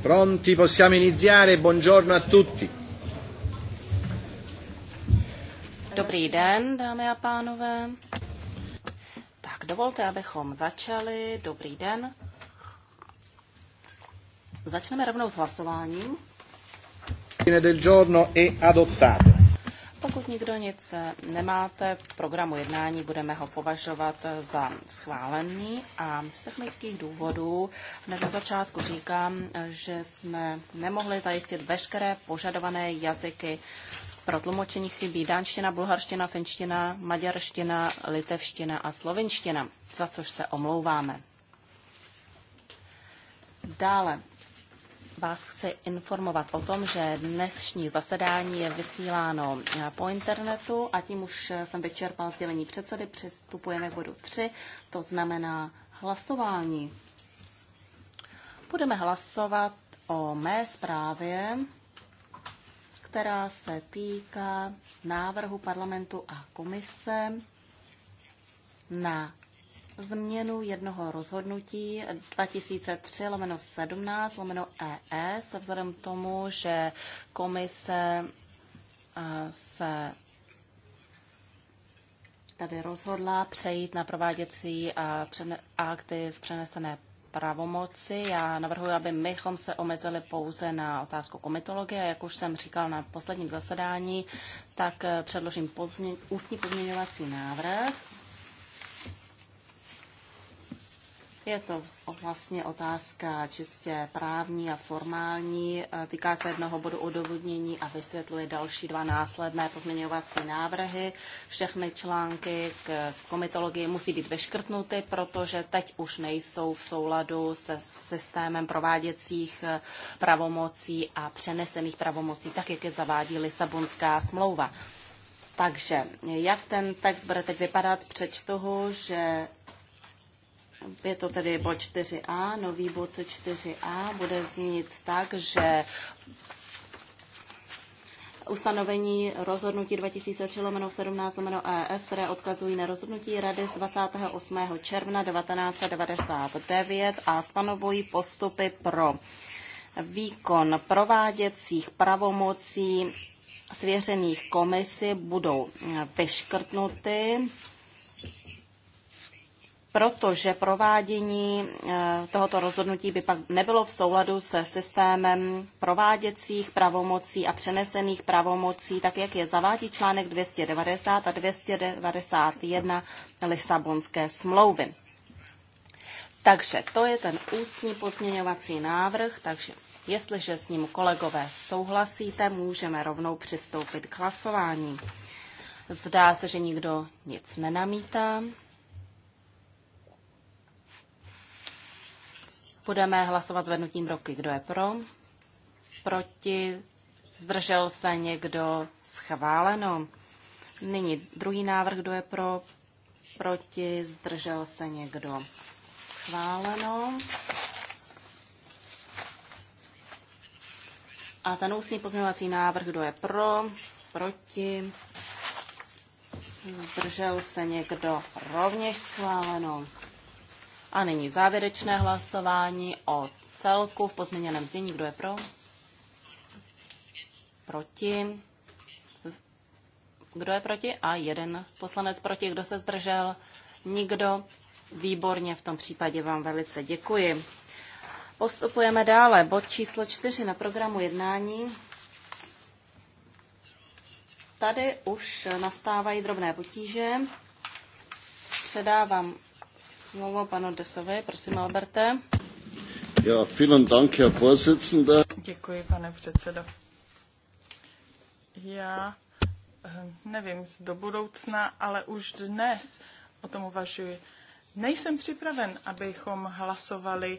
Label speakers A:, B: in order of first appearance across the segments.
A: Pronti, possiamo iniziare. Buongiorno a tutti.
B: Dobrý den, dámy a pánové. Tak dovolte, abychom začali. Dobrý den. Začneme rovnou s hlasováním.
A: del giorno è e adottato.
B: Pokud nikdo nic nemáte v programu jednání, budeme ho považovat za schválený a z technických důvodů hned na začátku říkám, že jsme nemohli zajistit veškeré požadované jazyky pro tlumočení chybí dánština, bulharština, finština, maďarština, litevština a slovinština, za což se omlouváme. Dále vás chci informovat o tom, že dnešní zasedání je vysíláno eh, po internetu a tím už eh, jsem vyčerpal sdělení předsedy. Přistupujeme k bodu 3, to znamená hlasování. Budeme hlasovat o mé zprávě, která se týká návrhu parlamentu a komise na změnu jednoho rozhodnutí 2003 lomeno 17 lomeno ES vzhledem k tomu, že komise eh, se tady rozhodla přejít na prováděcí eh, akty v přenesené pravomoci. Já navrhuji, aby mychom se omezili pouze na otázku komitologie. Jak už jsem říkal na posledním zasedání, tak eh, předložím ústní pozměňovací návrh Je to vlastně otázka čistě právní a formální. E, Týká se jednoho bodu odovodnění a vysvětluje další dva následné pozměňovací návrhy. Všechny články k komitologii musí být vyškrtnuty, protože teď už nejsou v souladu se systémem prováděcích e, pravomocí a přenesených pravomocí, tak jak je zavádí Lisabonská smlouva. Takže jak ten text bude teď vypadat, přečtu ho, že je to tedy bod 4a, nový bod 4a bude znít tak, že ustanovení rozhodnutí 2003 17 ES, které odkazují na rozhodnutí Rady z 28. června 1999 a stanovují postupy pro výkon prováděcích pravomocí svěřených komisi budou vyškrtnuty protože provádění eh, tohoto rozhodnutí by pak nebylo v souladu se systémem prováděcích pravomocí a přenesených pravomocí, tak jak je zavádí článek 290 a 291 Lisabonské smlouvy. Takže to je ten ústní pozměňovací návrh, takže jestliže s ním kolegové souhlasíte, můžeme rovnou přistoupit k hlasování. Zdá se, že nikdo nic nenamítá. Budeme hlasovat zvednutím roky. Kdo je pro? Proti? Zdržel se někdo? Schváleno. Nyní druhý návrh. Kdo je pro? Proti? Zdržel se někdo? Schváleno. A ten ústní pozměňovací návrh, kdo je pro, proti, zdržel se někdo, rovněž schváleno. A nyní závěrečné hlasování o celku v pozměněném znění. Kdo je pro? Proti? Kdo je proti? A jeden poslanec proti. Kdo se zdržel? Nikdo. Výborně, v tom případě vám velice děkuji. Postupujeme dále. Bod číslo čtyři na programu jednání. Tady už nastávají drobné potíže. Předávám slovo panu Desovi. Prosím, Alberte.
C: Ja, vielen Dank, Herr Vorsitzender. Děkuji, pane předsedo. Já eh, nevím, do budoucna, ale už dnes o tom uvažuji. Nejsem připraven, abychom hlasovali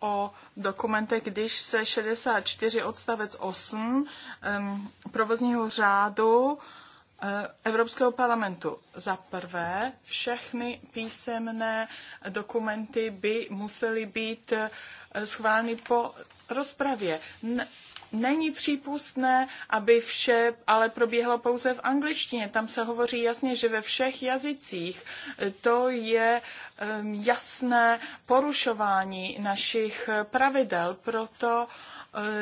C: o dokumentech, když se 64 odstavec 8 um, ehm, provozního řádu uh, Eh, Evropského parlamentu. Za prvé, všechny písemné dokumenty by musely být eh, schváleny po rozpravě. Není přípustné, aby vše ale probíhalo pouze v angličtině. Tam se hovoří jasně, že ve všech jazycích eh, to je ehm, jasné porušování našich pravidel. Proto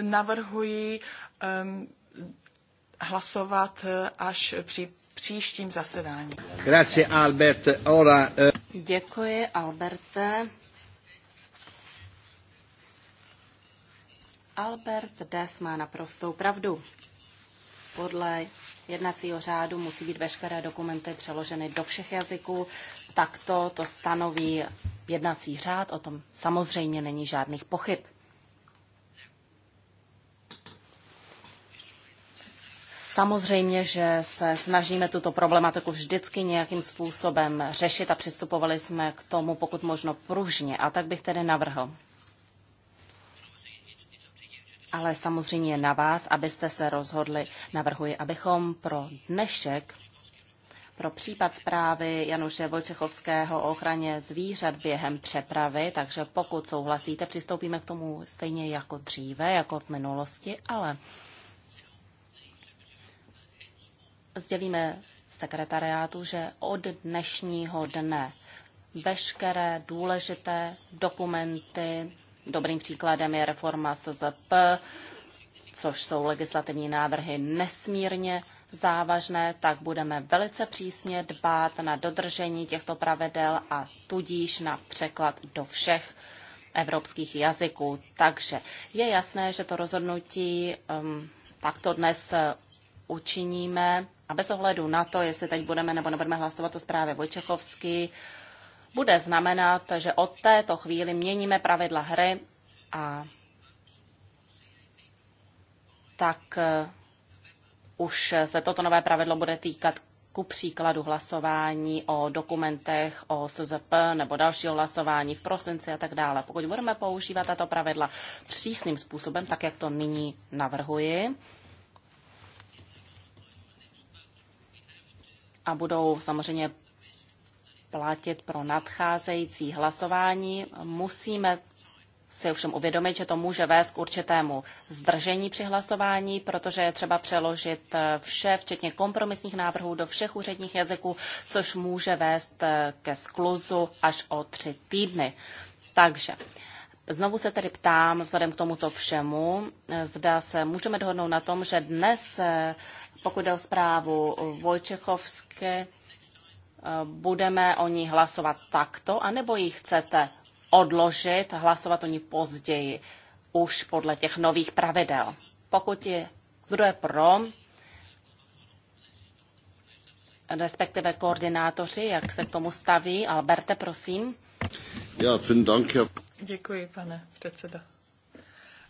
C: navrhuji ehm, hlasovat eh, až při příštím zasedání.
A: Grazie, Albert. Ora, uh...
C: Děkuji, Alberte.
B: Albert Des má naprostou pravdu. Podle jednacího řádu musí být veškeré dokumenty přeloženy do všech jazyků. Takto to stanoví jednací řád, o tom samozřejmě není žádných pochyb. Samozřejmě, že se snažíme tuto problematiku vždycky nějakým způsobem řešit a přistupovali jsme k tomu pokud možno pružně. A tak bych tedy navrhl. Ale samozřejmě na vás, abyste se rozhodli, navrhuji, abychom pro dnešek pro případ zprávy Januše Vojčechovského o ochraně zvířat během přepravy, takže pokud souhlasíte, přistoupíme k tomu stejně jako dříve, jako v minulosti, ale sdělíme sekretariátu, že od dnešního dne veškeré důležité dokumenty, dobrým příkladem je reforma SZP, což jsou legislativní návrhy nesmírně závažné, tak budeme velice přísně dbát na dodržení těchto pravidel a tudíž na překlad do všech evropských jazyků. Takže je jasné, že to rozhodnutí um, takto dnes učiníme. A bez ohledu na to, jestli teď budeme nebo nebudeme hlasovat o zprávě Vojčechovský, bude znamenat, že od této chvíli měníme pravidla hry a tak eh, už se toto nové pravidlo bude týkat ku příkladu hlasování o dokumentech o SZP nebo dalšího hlasování v prosinci a tak dále. Pokud budeme používat tato pravidla přísným způsobem, tak jak to nyní navrhuji, a budou samozřejmě platit pro nadcházející hlasování. Musíme si ovšem uvědomit, že to může vést k určitému zdržení při hlasování, protože je třeba přeložit vše, včetně kompromisních návrhů, do všech úředních jazyků, což může vést ke skluzu až o tři týdny. Takže Znovu se tedy ptám, vzhledem k tomuto všemu, zda se můžeme dohodnout na tom, že dnes pokud jde o zprávu Vojčechovské, eh, budeme o ní hlasovat takto, anebo ji chcete odložit a hlasovat o ní později, už podle těch nových pravidel. Pokud je, kdo je pro, respektive koordinátoři, jak se k tomu staví. Alberte, prosím.
C: Já, dank, ja. Děkuji, pane předsedo.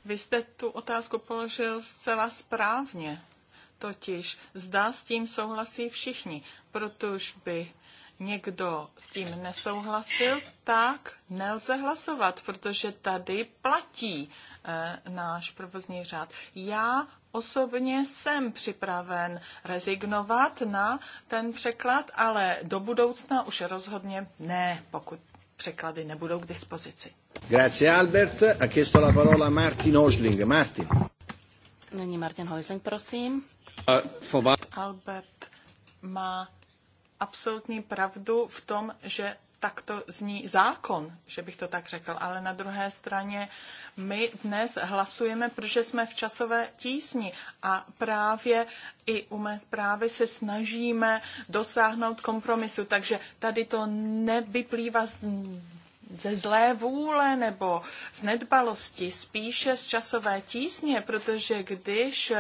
C: Vy jste tu otázku položil zcela správně totiž zda s tím souhlasí všichni, protože by někdo s tím nesouhlasil, tak nelze hlasovat, protože tady platí e, náš provozní řád. Já osobně jsem připraven rezignovat na ten překlad, ale do budoucna už rozhodně ne, pokud překlady nebudou k dispozici.
A: Grazie Albert. Ha chiesto la parola Martin Osling. Martin.
C: Nyní Martin Hojzling, prosím. Albert má absolutní pravdu v tom, že takto zní zákon, že bych to tak řekl, ale na druhé straně my dnes hlasujeme, protože jsme v časové tísni a právě i u mé zprávy se snažíme dosáhnout kompromisu, takže tady to nevyplývá z ze zlé vůle nebo z nedbalosti, spíše z časové tísně, protože když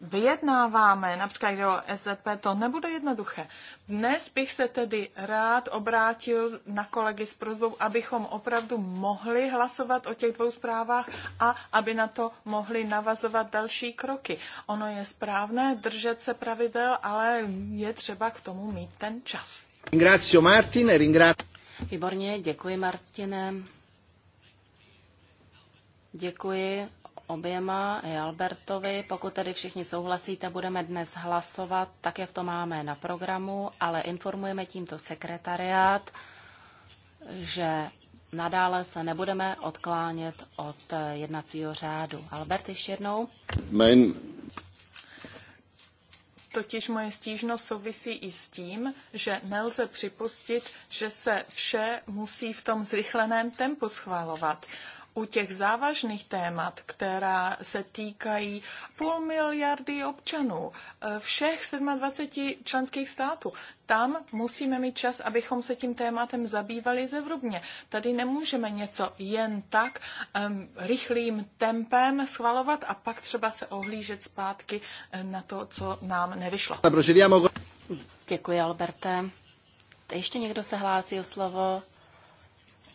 C: vyjednáváme, například jde o SZP, to nebude jednoduché. Dnes bych se tedy rád obrátil na kolegy s prozbou, abychom opravdu mohli hlasovat o těch dvou zprávách a aby na to mohli navazovat další kroky. Ono je správné držet se pravidel, ale je třeba k tomu mít ten čas.
A: Ringrazio Martin, e ringrazio...
C: Výborně, děkuji Martine.
B: Děkuji oběma i Albertovi. Pokud tedy všichni souhlasíte, budeme dnes hlasovat tak, jak to máme na programu, ale informujeme tímto sekretariát, že nadále se nebudeme odklánět od jednacího řádu. Albert, ještě jednou. Main.
C: Totiž moje stížnost souvisí i s tím, že nelze připustit, že se vše musí v tom zrychleném tempu schválovat u těch závažných témat, která se týkají půl miliardy občanů eh, všech 27 členských států, tam musíme mít čas, abychom se tím tématem zabývali zevrubně. Tady nemůžeme něco jen tak um, rychlým tempem schvalovat a pak třeba se ohlížet zpátky eh, na to, co nám nevyšlo. Děkuji, Alberte.
B: Ještě někdo se hlásí o slovo?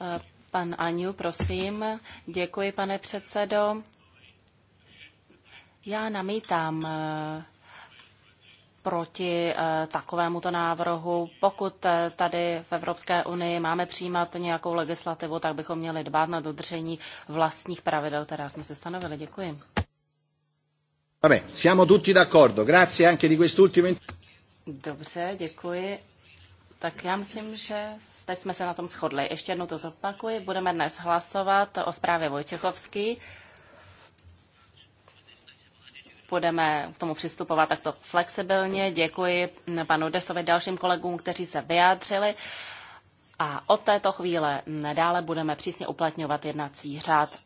B: Eh, Pan Aniu, prosím. Děkuji, pane předsedo. Já namítám eh, proti eh, takovémuto návrhu. Pokud eh, tady v Evropské unii máme přijímat nějakou legislativu, tak bychom měli dbát na dodržení vlastních pravidel, která jsme si stanovili. Děkuji.
A: Vabbè, siamo tutti d'accordo. Grazie anche di quest'ultimo.
B: Dobře, děkuji. Tak já myslím, že Teď jsme se na tom shodli. Ještě jednou to zopakuji. Budeme dnes hlasovat o zprávě Vojčechovský. Budeme k tomu přistupovat takto flexibilně. Děkuji panu Desovi dalším kolegům, kteří se vyjádřili. A od této chvíle dále budeme přísně uplatňovat jednací řád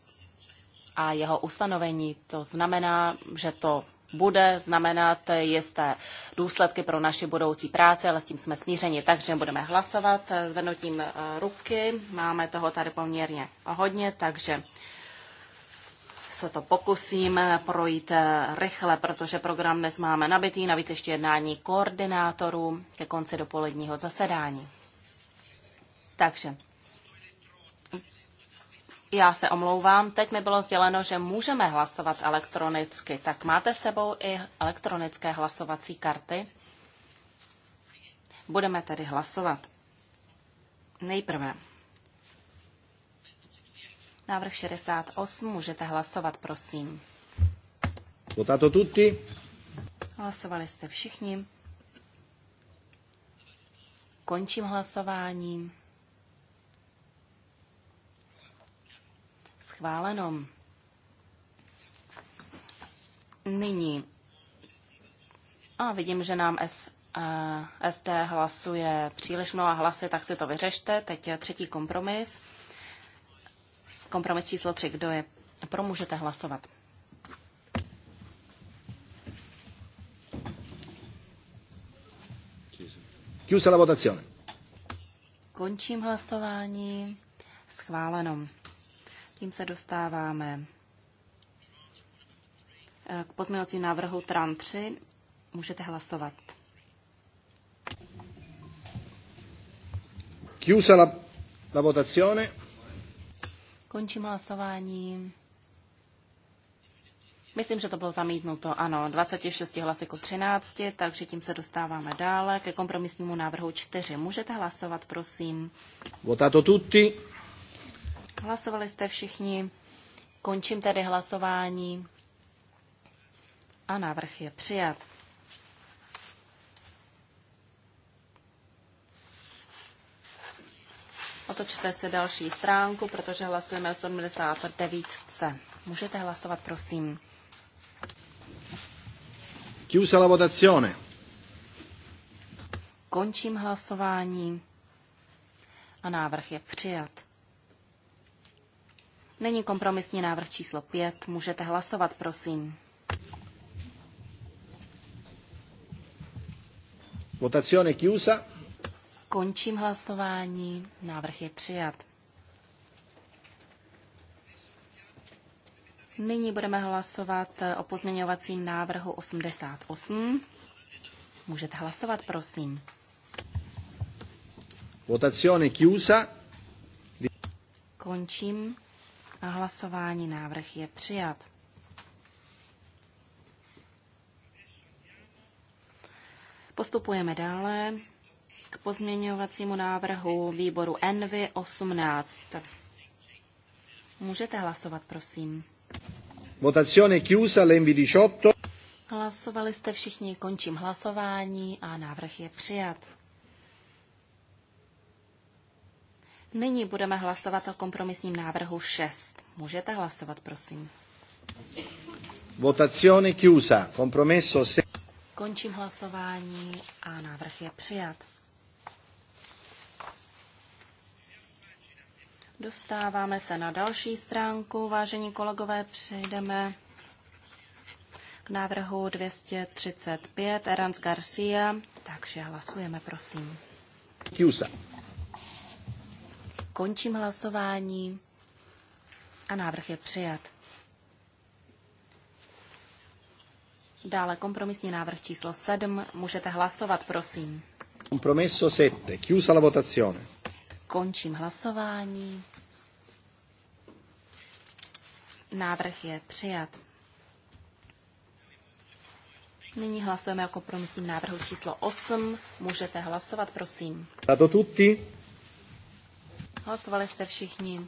B: a jeho ustanovení. To znamená, že to bude znamenat jisté důsledky pro naši budoucí práci, ale s tím jsme smířeni, takže budeme hlasovat zvednutím eh, ruky. Máme toho tady poměrně hodně, takže se to pokusím projít eh, rychle, protože program dnes máme nabitý, navíc ještě jednání koordinátorů ke konci dopoledního zasedání. Takže já se omlouvám, teď mi bylo sděleno, že můžeme hlasovat elektronicky. Tak máte sebou i elektronické hlasovací karty? Budeme tedy hlasovat. Nejprve. Návrh 68, můžete hlasovat, prosím.
A: Votato tutti.
B: Hlasovali jste všichni. Končím hlasováním. Schváleno. Nyní. A vidím, že nám S, uh, SD hlasuje příliš mnoha hlasy, tak si to vyřešte. Teď je třetí kompromis. Kompromis číslo tři. Kdo je pro, můžete hlasovat. Končím hlasování. Schváleno. Tím se dostáváme eh, k pozměňovacím návrhu TRAN 3. Můžete hlasovat.
A: Chiusa la, la votazione.
B: Končím hlasování. Myslím, že to bylo zamítnuto, ano, 26 hlasy ku 13, takže tím se dostáváme dále ke kompromisnímu návrhu 4. Můžete hlasovat, prosím.
A: Votato tutti.
B: Hlasovali jste všichni. Končím tedy hlasování. A návrh je přijat. Otočte se další stránku, protože hlasujeme o 79. Můžete hlasovat, prosím.
A: Chiusa la votazione.
B: Končím hlasování a návrh je přijat. Není kompromisní návrh číslo 5. Můžete hlasovat, prosím.
A: Votazione chiusa.
B: Končím hlasování. Návrh je přijat. Nyní budeme hlasovat o pozměňovacím návrhu 88. Můžete hlasovat, prosím.
A: Votazione chiusa.
B: Končím hlasování. Návrh je přijat. Postupujeme dále k pozměňovacímu návrhu výboru Envy 18. Můžete hlasovat, prosím.
A: Votazione chiusa, l'Envy 18.
B: Hlasovali jste všichni, končím hlasování a návrh je přijat. Nyní budeme hlasovat o kompromisním návrhu 6. Můžete hlasovat, prosím.
A: Votazione chiusa. Compromesso se...
B: Končím hlasování a návrh je přijat. Dostáváme se na další stránku. Vážení kolegové, přejdeme k návrhu 235 Erans Garcia. Takže hlasujeme, prosím. Chiusa. Končím hlasování a návrh je přijat. Dále kompromisní návrh číslo 7. Můžete hlasovat, prosím.
A: Compromesso 7. Chiusa la votazione.
B: Končím hlasování. Návrh je přijat. Nyní hlasujeme o kompromisním návrhu číslo 8. Můžete hlasovat, prosím.
A: Dato tutti.
B: Hlasovali jste všichni.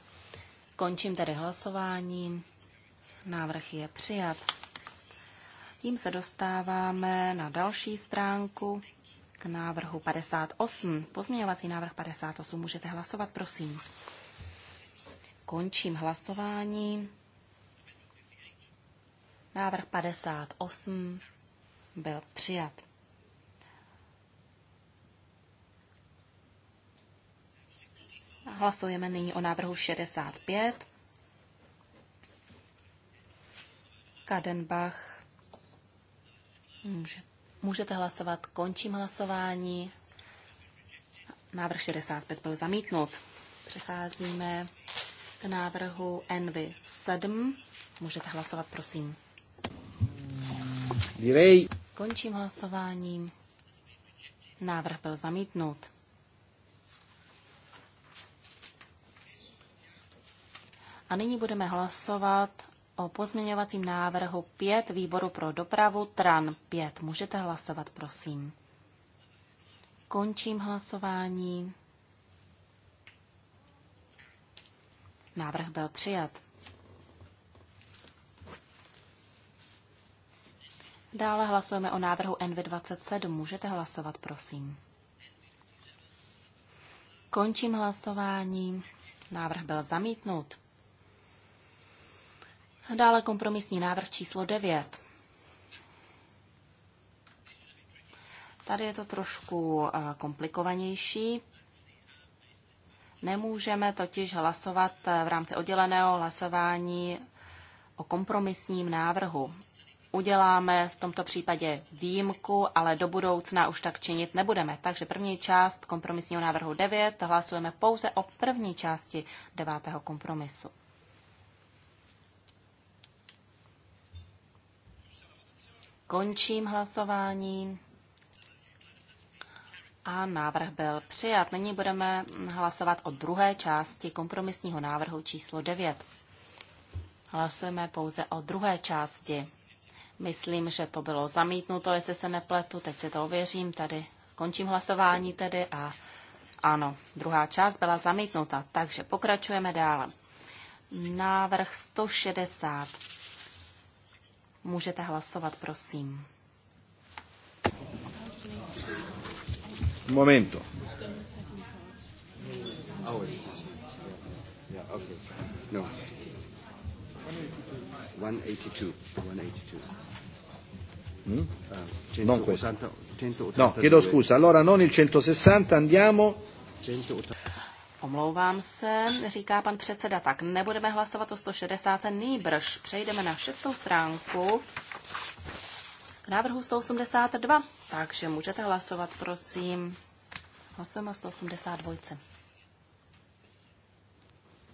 B: Končím tedy hlasování. Návrh je přijat. Tím se dostáváme na další stránku k návrhu 58. Pozměňovací návrh 58. Můžete hlasovat, prosím. Končím hlasování. Návrh 58 byl přijat. Hlasujeme nyní o návrhu 65. Kadenbach. Můžete hlasovat. Končím hlasování. Návrh 65 byl zamítnut. Přecházíme k návrhu NV 7. Můžete hlasovat, prosím. Direj. Končím hlasování. Návrh byl zamítnut. A nyní budeme hlasovat o pozměňovacím návrhu 5 výboru pro dopravu TRAN 5. Můžete hlasovat, prosím. Končím hlasování. Návrh byl přijat. Dále hlasujeme o návrhu NV27. Můžete hlasovat, prosím. Končím hlasování. Návrh byl zamítnut. Dále kompromisní návrh číslo 9. Tady je to trošku eh, komplikovanější. Nemůžeme totiž hlasovat eh, v rámci odděleného hlasování o kompromisním návrhu. Uděláme v tomto případě výjimku, ale do budoucna už tak činit nebudeme. Takže první část kompromisního návrhu 9 hlasujeme pouze o první části devátého kompromisu. Končím hlasování. A návrh byl přijat. Nyní budeme hlasovat o druhé části kompromisního návrhu číslo 9. Hlasujeme pouze o druhé části. Myslím, že to bylo zamítnuto, jestli se nepletu. Teď si to ověřím. Tady končím hlasování tedy a ano, druhá část byla zamítnuta. Takže pokračujeme dále. Návrh 160 Můžete hlasovat,
A: prosím. Momento. No. 182. 182. Mm? Uh, 180, non questo. 180, no, chiedo scusa. Allora non il 160, andiamo. 180.
B: Omlouvám se, říká pan předseda, tak nebudeme hlasovat o 160, nýbrž přejdeme na šestou stránku k návrhu 182, takže můžete hlasovat, prosím. Hlasujeme o 182.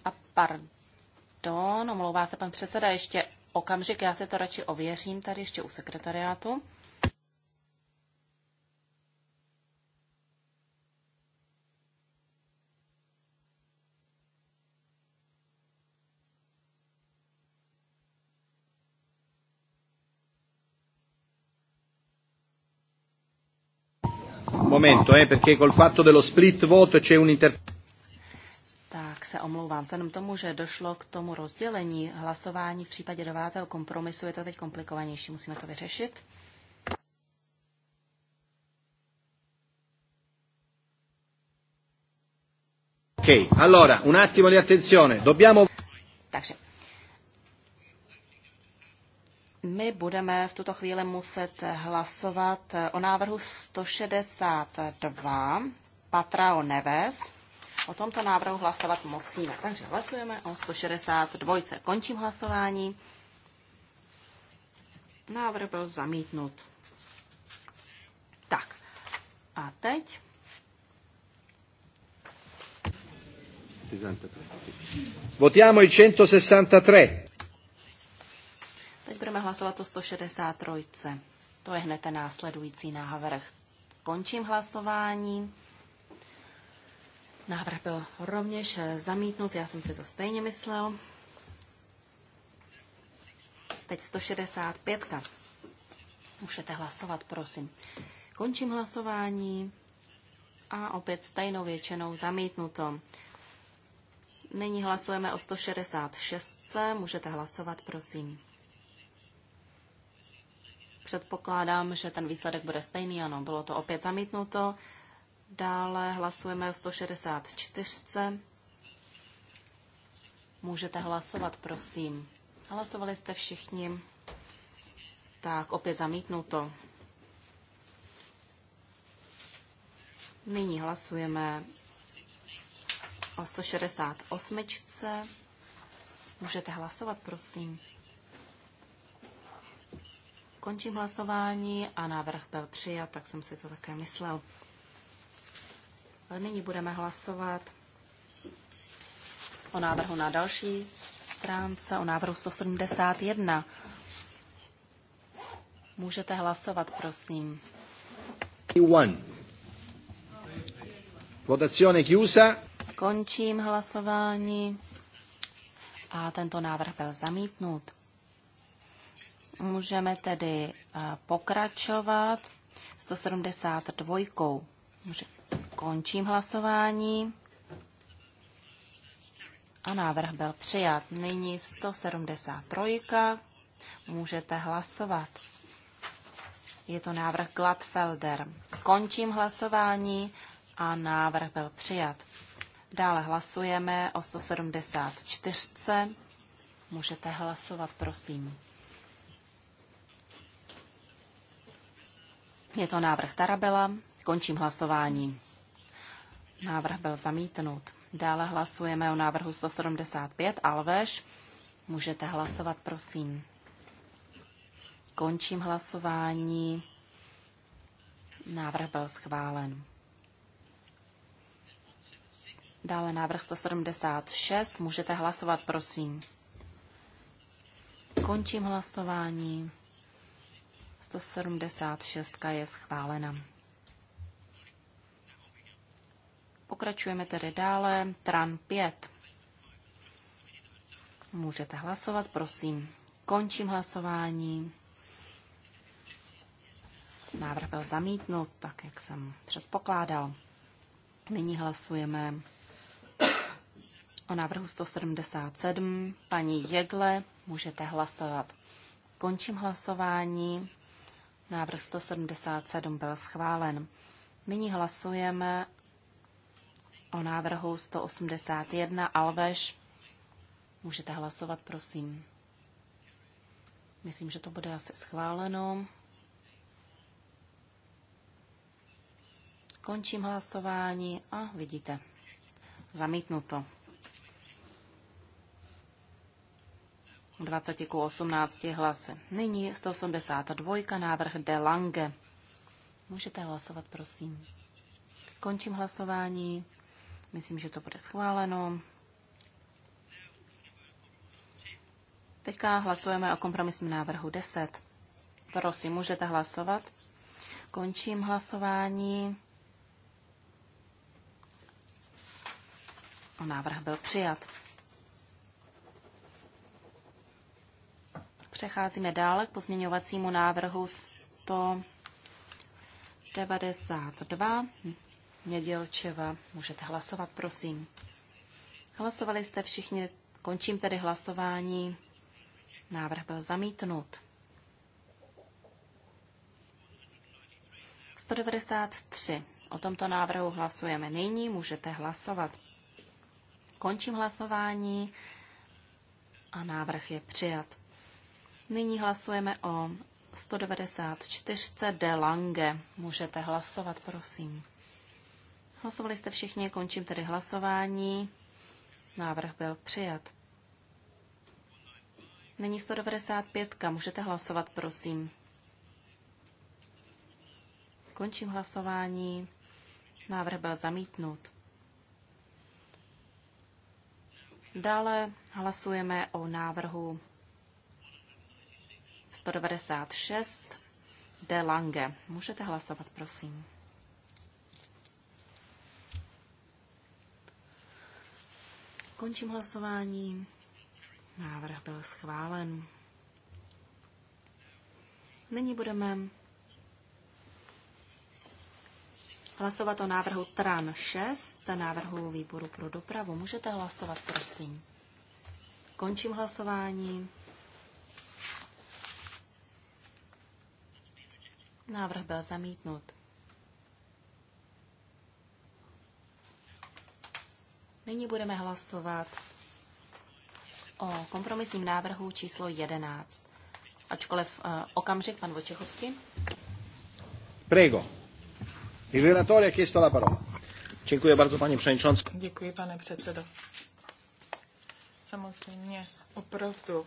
B: A pardon, omlouvá se pan předseda, ještě okamžik, já se to radši ověřím tady ještě u sekretariátu.
A: Un momento, eh, perché col fatto dello split vote c'è un inter...
B: se omlouvám. Vzhledem tomu, že došlo k tomu rozdělení hlasování v případě devátého kompromisu, je to teď komplikovanější, musíme to vyřešit.
A: Ok, allora, un attimo di attenzione, dobbiamo... Takže
B: my budeme v tuto chvíli muset hlasovat o návrhu 162 Patrao Neves. O tomto návrhu hlasovat musíme. Takže hlasujeme o 162. Končím hlasování. Návrh byl zamítnut. Tak. A teď?
A: Votiamo il 163.
B: Teď budeme hlasovat o 163. To je hned ten následující návrh. Končím hlasování. Návrh byl rovněž zamítnut, já jsem si to stejně myslel. Teď 165. Můžete hlasovat, prosím. Končím hlasování a opět stejnou většinou zamítnuto. Nyní hlasujeme o 166. Můžete hlasovat, prosím. Předpokládám, že ten výsledek bude stejný. Ano, bylo to opět zamítnuto. Dále hlasujeme o 164. Můžete hlasovat, prosím. Hlasovali jste všichni. Tak, opět zamítnuto. Nyní hlasujeme o 168. Můžete hlasovat, prosím. Končím hlasování a návrh byl přijat, tak jsem si to také myslel. Nyní budeme hlasovat o návrhu na další stránce, o návrhu 171. Můžete hlasovat, prosím.
A: One. Votazione chiusa.
B: Končím hlasování a tento návrh byl zamítnut. Můžeme tedy eh, pokračovat 172. Končím hlasování. A návrh byl přijat. Nyní 173. Můžete hlasovat. Je to návrh Gladfelder. Končím hlasování a návrh byl přijat. Dále hlasujeme o 174. Můžete hlasovat, prosím. Je to návrh Tarabela. Končím hlasování. Návrh byl zamítnut. Dále hlasujeme o návrhu 175 Alveš. Můžete hlasovat, prosím. Končím hlasování. Návrh byl schválen. Dále návrh 176. Můžete hlasovat, prosím. Končím hlasování. 176 je schválena. Pokračujeme tedy dále. Tran 5. Můžete hlasovat, prosím. Končím hlasování. Návrh byl zamítnut, tak jak jsem předpokládal. Nyní hlasujeme o návrhu 177. Paní Jegle, můžete hlasovat. Končím hlasování. Návrh 177 byl schválen. Nyní hlasujeme o návrhu 181 Alveš. Můžete hlasovat, prosím. Myslím, že to bude asi schváleno. Končím hlasování a vidíte, zamítnuto. 20 ku 18 hlasy. Nyní 182, návrh De Lange. Můžete hlasovat, prosím. Končím hlasování. Myslím, že to bude schváleno. Teďka hlasujeme o kompromisním návrhu 10. Prosím, můžete hlasovat. Končím hlasování. O návrh byl přijat. Přecházíme dále k pozměňovacímu návrhu 192. Nedělčeva. Můžete hlasovat, prosím. Hlasovali jste všichni. Končím tedy hlasování. Návrh byl zamítnut. 193. O tomto návrhu hlasujeme nyní, můžete hlasovat. Končím hlasování a návrh je přijat. Nyní hlasujeme o 194 de Lange. Můžete hlasovat, prosím. Hlasovali jste všichni, končím tedy hlasování. Návrh byl přijat. Nyní 195. Můžete hlasovat, prosím. Končím hlasování. Návrh byl zamítnut. Dále hlasujeme o návrhu 196 de Lange. Můžete hlasovat, prosím. Končím hlasování. Návrh byl schválen. Nyní budeme hlasovat o návrhu TRAN 6, návrhu výboru pro dopravu. Můžete hlasovat, prosím. Končím hlasování. Návrh byl zamítnut. Nyní budeme hlasovat o kompromisním návrhu číslo 11. Ačkoliv uh, okamžik, pan Vočechovský.
A: Prego. Il relatore ha chiesto la parola.
C: Děkuji bardzo, paní předsedající. Děkuji, pane předsedo. Samozřejmě, opravdu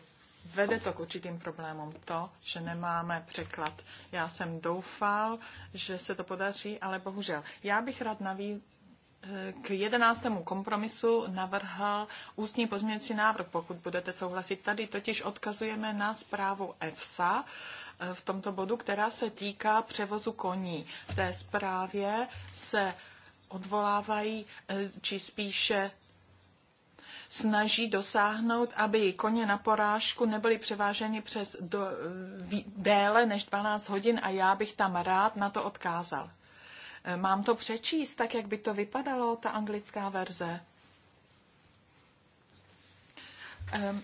C: vede to k určitým problémům, to, že nemáme překlad. Já jsem doufal, že se to podaří, ale bohužel. Já bych rád navíc eh, k jedenáctému kompromisu navrhl ústní pozměňující návrh, pokud budete souhlasit. Tady totiž odkazujeme na zprávu EFSA eh, v tomto bodu, která se týká převozu koní. V té zprávě se odvolávají, eh, či spíše snaží dosáhnout, aby koně na porážku nebyly převáženi přes do, déle než 12 hodin a já bych tam rád na to odkázal. E, mám to přečíst, tak jak by to vypadalo, ta anglická verze. Um,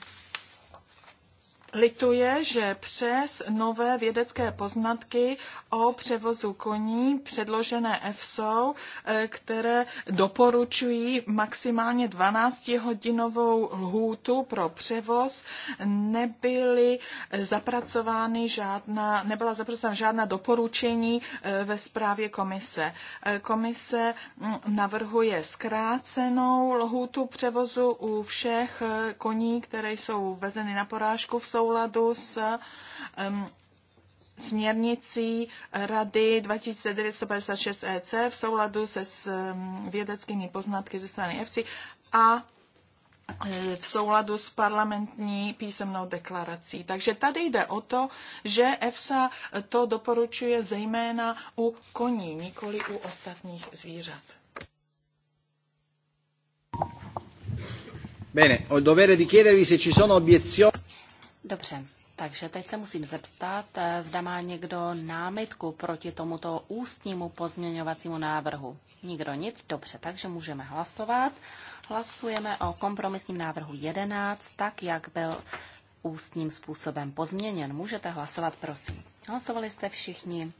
C: lituje, že přes nové vědecké poznatky o převozu koní předložené EFSO, eh, které doporučují maximálně 12-hodinovou lhůtu pro převoz, nebyly zapracovány žádná, nebyla zapracována žádná doporučení eh, ve zprávě komise. Eh, komise hm, navrhuje zkrácenou lhůtu převozu u všech koní, které jsou vezeny na porážku v souladu souladu s um, směrnicí Rady 2956 EC v souladu se s vědeckými poznatky ze strany FC a e, v souladu s parlamentní písemnou deklarací. Takže tady jde o to, že EFSA to doporučuje zejména u koní, nikoli u ostatních zvířat.
A: Bene, ho dovere di chiedervi se ci sono obiezioni.
B: Dobře, takže teď se musím zeptat, eh, zda má někdo námitku proti tomuto ústnímu pozměňovacímu návrhu. Nikdo nic, dobře, takže můžeme hlasovat. Hlasujeme o kompromisním návrhu 11, tak jak byl ústním způsobem pozměněn. Můžete hlasovat, prosím. Hlasovali jste všichni.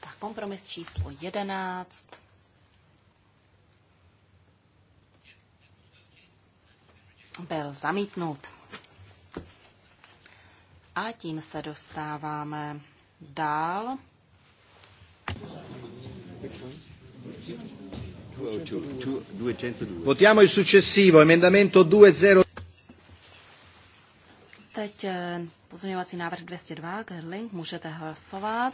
B: Tak kompromis číslo 11. Byl zamítnut. A tím se dostáváme dál.
A: Votiamo il successivo, emendamento 2.0.
B: Teď eh, pozměňovací návrh 202, Gerling, můžete hlasovat.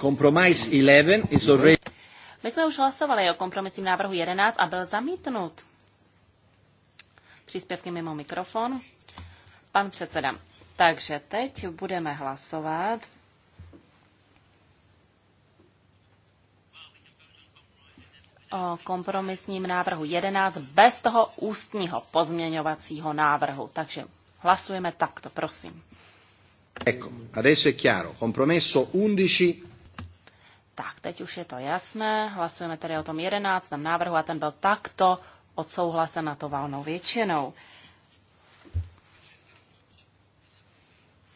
A: Compromise 11 is already
B: my jsme už hlasovali o kompromisním návrhu 11 a byl zamítnut. Příspěvky mimo mikrofon. Pan předseda. Takže teď budeme hlasovat. o kompromisním návrhu 11 bez toho ústního pozměňovacího návrhu. Takže hlasujeme takto, prosím.
A: Ecco, adesso è chiaro. Compromesso 11
B: tak, teď už je to jasné. Hlasujeme tedy o tom jedenáctém návrhu a ten byl takto odsouhlasen na to valnou většinou.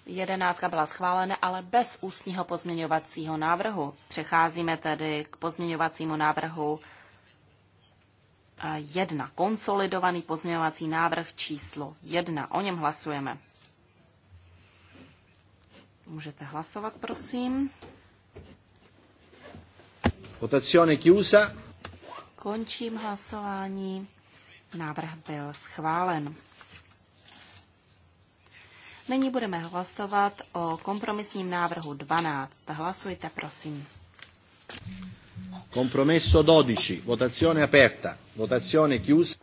B: Jedenáctka byla schválena, ale bez ústního pozměňovacího návrhu. Přecházíme tedy k pozměňovacímu návrhu jedna. Konsolidovaný pozměňovací návrh číslo jedna. O něm hlasujeme. Můžete hlasovat, prosím.
A: Votazione chiusa.
B: Končím hlasování. Návrh byl schválen. Nyní budeme hlasovat o kompromisním návrhu 12. Hlasujte, prosím.
A: Kompromiso 12. Votazione aperta. Votazione chiusa.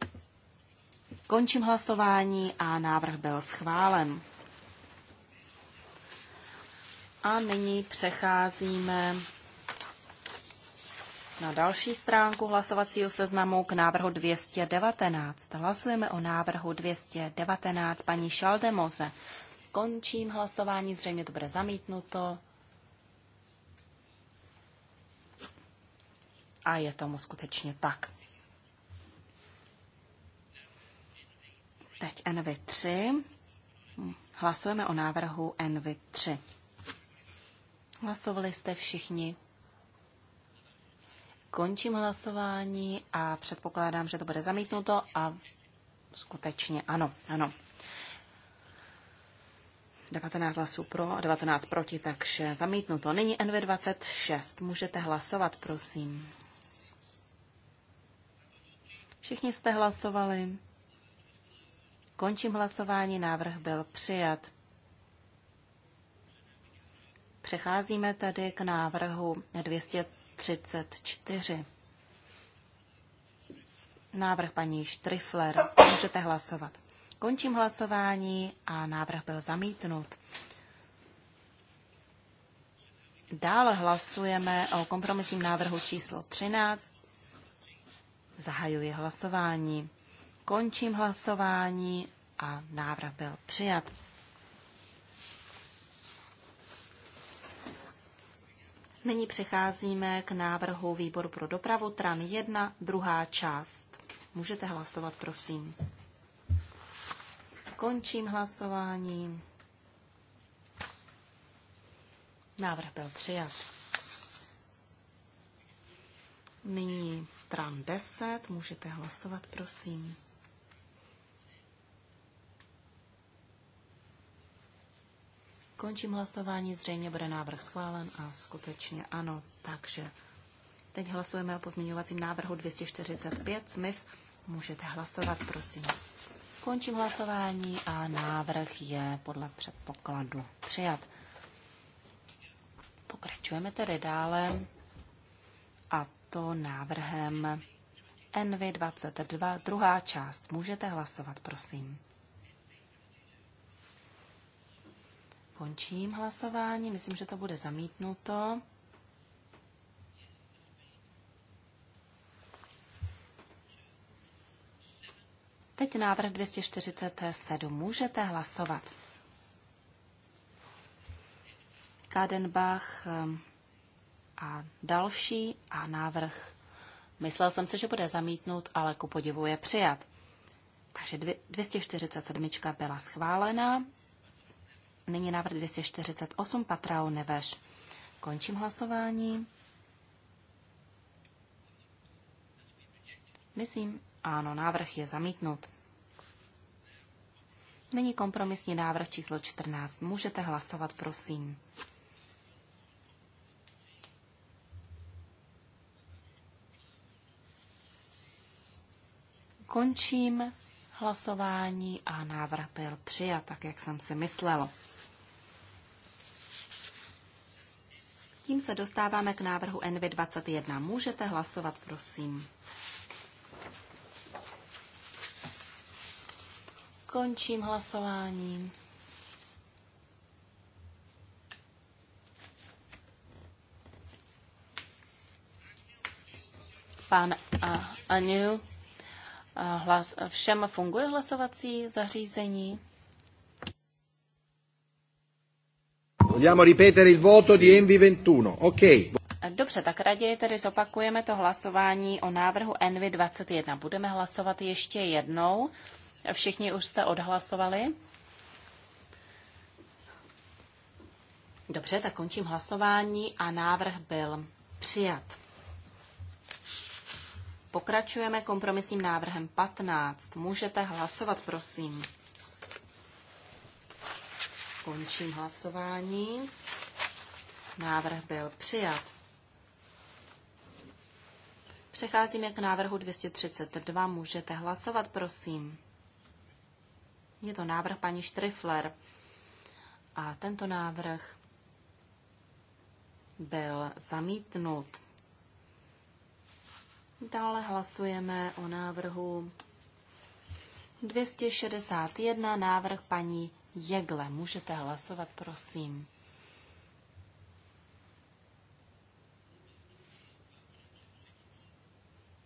B: Končím hlasování a návrh byl schválen. A nyní přecházíme na další stránku hlasovacího seznamu k návrhu 219. Hlasujeme o návrhu 219 paní Šaldemose. Končím hlasování, zřejmě to bude zamítnuto. A je tomu skutečně tak. Teď NV3. Hlasujeme o návrhu NV3. Hlasovali jste všichni. Končím hlasování a předpokládám, že to bude zamítnuto a skutečně ano, ano. 19 hlasů pro a 19 proti, takže zamítnuto. Nyní NV26. Můžete hlasovat, prosím. Všichni jste hlasovali. Končím hlasování, návrh byl přijat. Přecházíme tedy k návrhu 200 34. Návrh paní Štrifler. Můžete hlasovat. Končím hlasování a návrh byl zamítnut. Dále hlasujeme o kompromisním návrhu číslo 13. Zahajuji hlasování. Končím hlasování a návrh byl přijat. Nyní přecházíme k návrhu výboru pro dopravu TRAN 1, druhá část. Můžete hlasovat, prosím. Končím hlasování. Návrh byl přijat. Nyní TRAN 10, můžete hlasovat, prosím. Končím hlasování, zřejmě bude návrh schválen a skutečně ano. Takže teď hlasujeme o pozměňovacím návrhu 245 Smith. Můžete hlasovat, prosím. Končím hlasování a návrh je podle předpokladu přijat. Pokračujeme tedy dále a to návrhem NV22, druhá část. Můžete hlasovat, prosím. Končím hlasování. Myslím, že to bude zamítnuto. Teď návrh 247. Můžete hlasovat. Kadenbach ehm, a další a návrh. Myslel jsem si, že bude zamítnut, ale ku podivu je přijat. Takže 247 byla schválena Nyní návrh 248 Patrao Neveš. Končím hlasování. Myslím, ano, návrh je zamítnut. Není kompromisní návrh číslo 14. Můžete hlasovat, prosím. Končím hlasování a návrh byl přijat, tak jak jsem si myslel. tím se dostáváme k návrhu NV21. Můžete hlasovat, prosím. Končím hlasování. Pan Aniu, hlas, všem funguje hlasovací zařízení?
A: Vogliamo ripetere il voto di Envi 21. OK.
B: Dobře, tak raději tedy zopakujeme to hlasování o návrhu Envy 21. Budeme hlasovat ještě jednou. Všichni už jste odhlasovali. Dobře, tak končím hlasování a návrh byl přijat. Pokračujeme kompromisním návrhem 15. Můžete hlasovat, prosím. Končím hlasování. Návrh byl přijat. Přecházíme k návrhu 232. Můžete hlasovat, prosím. Je to návrh paní Štrifler. A tento návrh byl zamítnut. Dále hlasujeme o návrhu 261, návrh paní Jegle. Můžete hlasovat, prosím.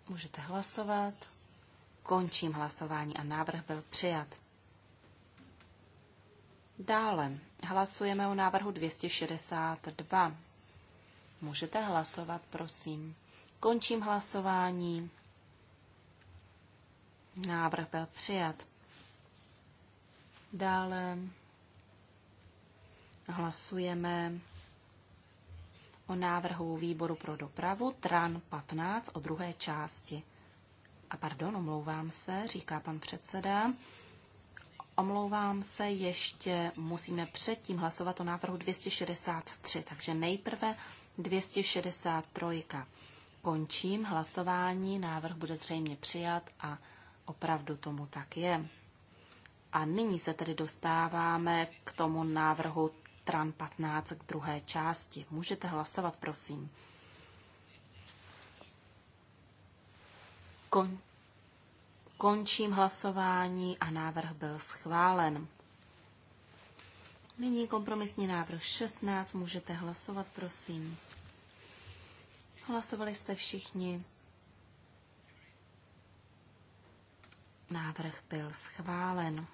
B: Můžete hlasovat. Končím hlasování a návrh byl přijat. Dále hlasujeme o návrhu 262. Můžete hlasovat, prosím. Končím hlasování. Návrh byl přijat. Dále hlasujeme o návrhu výboru pro dopravu TRAN 15 o druhé části. A pardon, omlouvám se, říká pan předseda. Omlouvám se, ještě musíme předtím hlasovat o návrhu 263, takže nejprve 263. Končím hlasování, návrh bude zřejmě přijat a opravdu tomu tak je. A nyní se tedy dostáváme k tomu návrhu TRAN 15 k druhé části. Můžete hlasovat, prosím. Kon- končím hlasování a návrh byl schválen. Nyní kompromisní návrh 16. Můžete hlasovat, prosím. Hlasovali jste všichni. Návrh byl schválen.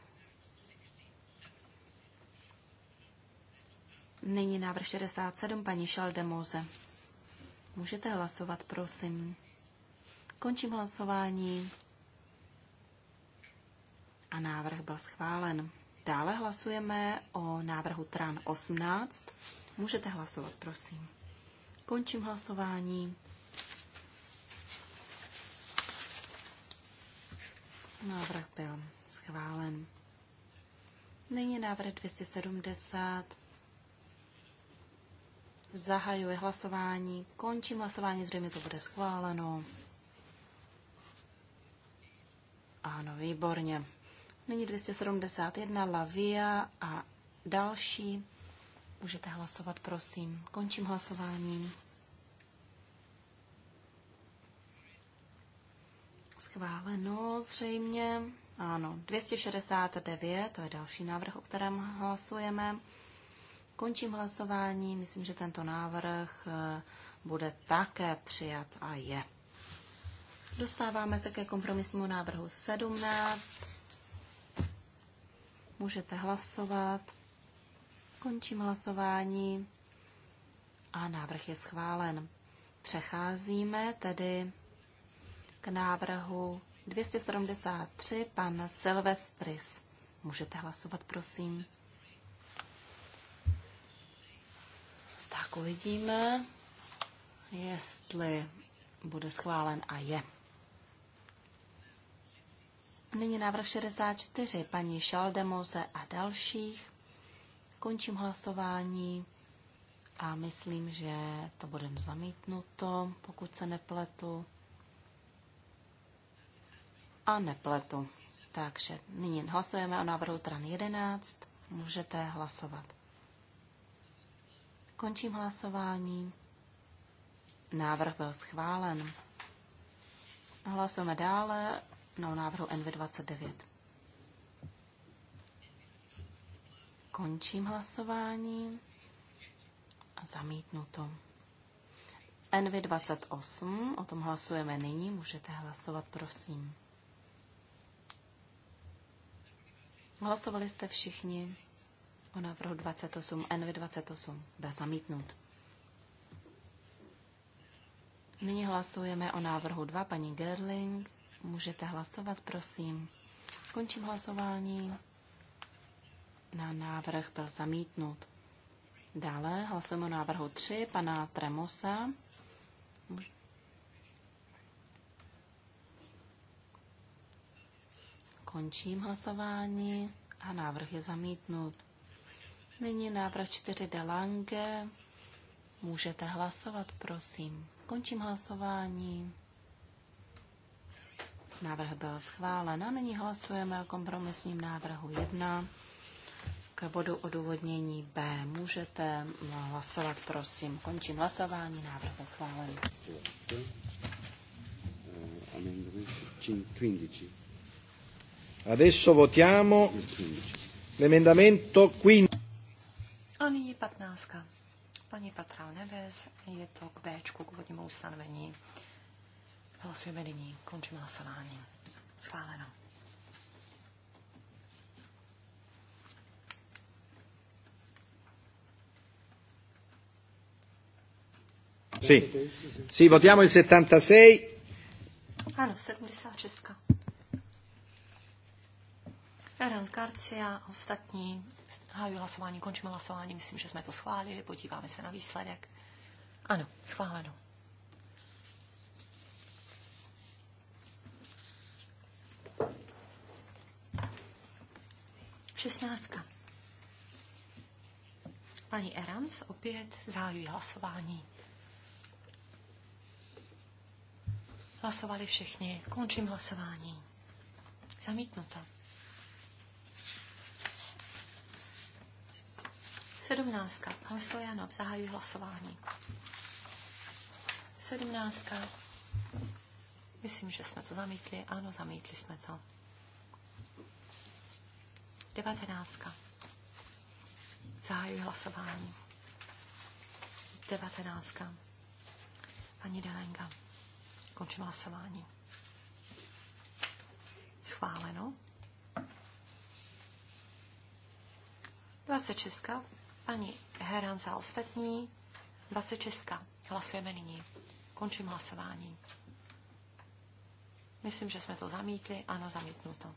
B: Nyní návrh 67, paní Šaldemoze. Můžete hlasovat, prosím. Končím hlasování. A návrh byl schválen. Dále hlasujeme o návrhu TRAN 18. Můžete hlasovat, prosím. Končím hlasování. Návrh byl schválen. Nyní návrh 270. Zahajuji hlasování, končím hlasování, zřejmě to bude schváleno. Ano, výborně. Nyní 271 Lavia a další. Můžete hlasovat, prosím. Končím hlasování. Schváleno zřejmě. Ano, 269, to je další návrh, o kterém hlasujeme. Končím hlasování. Myslím, že tento návrh eh, bude také přijat a je. Dostáváme se ke kompromisnímu návrhu 17. Můžete hlasovat. Končím hlasování a návrh je schválen. Přecházíme tedy k návrhu 273 pan Silvestris. Můžete hlasovat, prosím. uvidíme, jestli bude schválen a je. Nyní návrh 64 paní Šaldemose a dalších. Končím hlasování a myslím, že to bude zamítnuto, pokud se nepletu. A nepletu. Takže nyní hlasujeme o návrhu TRAN 11. Můžete hlasovat. Končím hlasování. Návrh byl schválen. Hlasujeme dále na návrhu NV29. Končím hlasování a zamítnuto. NV28, o tom hlasujeme nyní, můžete hlasovat, prosím. Hlasovali jste všichni o návrhu 28, NV28 byl zamítnut. Nyní hlasujeme o návrhu 2, paní Gerling. Můžete hlasovat, prosím. Končím hlasování. Na návrh byl zamítnut. Dále hlasujeme o návrhu 3, pana Tremosa. Končím hlasování a návrh je zamítnut. Nyní návrh čtyři Dalange. Můžete hlasovat, prosím. Končím hlasování. Návrh byl schválen a nyní hlasujeme o kompromisním návrhu 1 k bodu odůvodnění B. Můžete hlasovat, prosím. Končím hlasování, návrh byl schválen.
A: Adesso votiamo l'emendamento 15.
D: A nyní patnáctka. Paní Patra Neves, je to k Bčku, k vodnímu ustanovení. Hlasujeme nyní, končím hlasování. Schváleno.
A: Sì. sì, votiamo il 76.
D: Ano, 76. Aaron Garcia, ostatní Háju hlasování, končíme hlasování, myslím, že jsme to schválili, podíváme se na výsledek. Ano, schváleno. Šestnáctka. Paní Erans opět zahájí hlasování. Hlasovali všichni. Končím hlasování. Zamítnuto. 17. Pan Stojanov, zahajuji hlasování. 17. Myslím, že jsme to zamítli. Ano, zamítli jsme to. 19. Zahajuji hlasování. 19. Paní Delenga. Končím hlasování. Schváleno. 26 paní Heran za ostatní. 26. Hlasujeme nyní. Končím hlasování. Myslím, že jsme to zamítli. Ano, zamítnuto.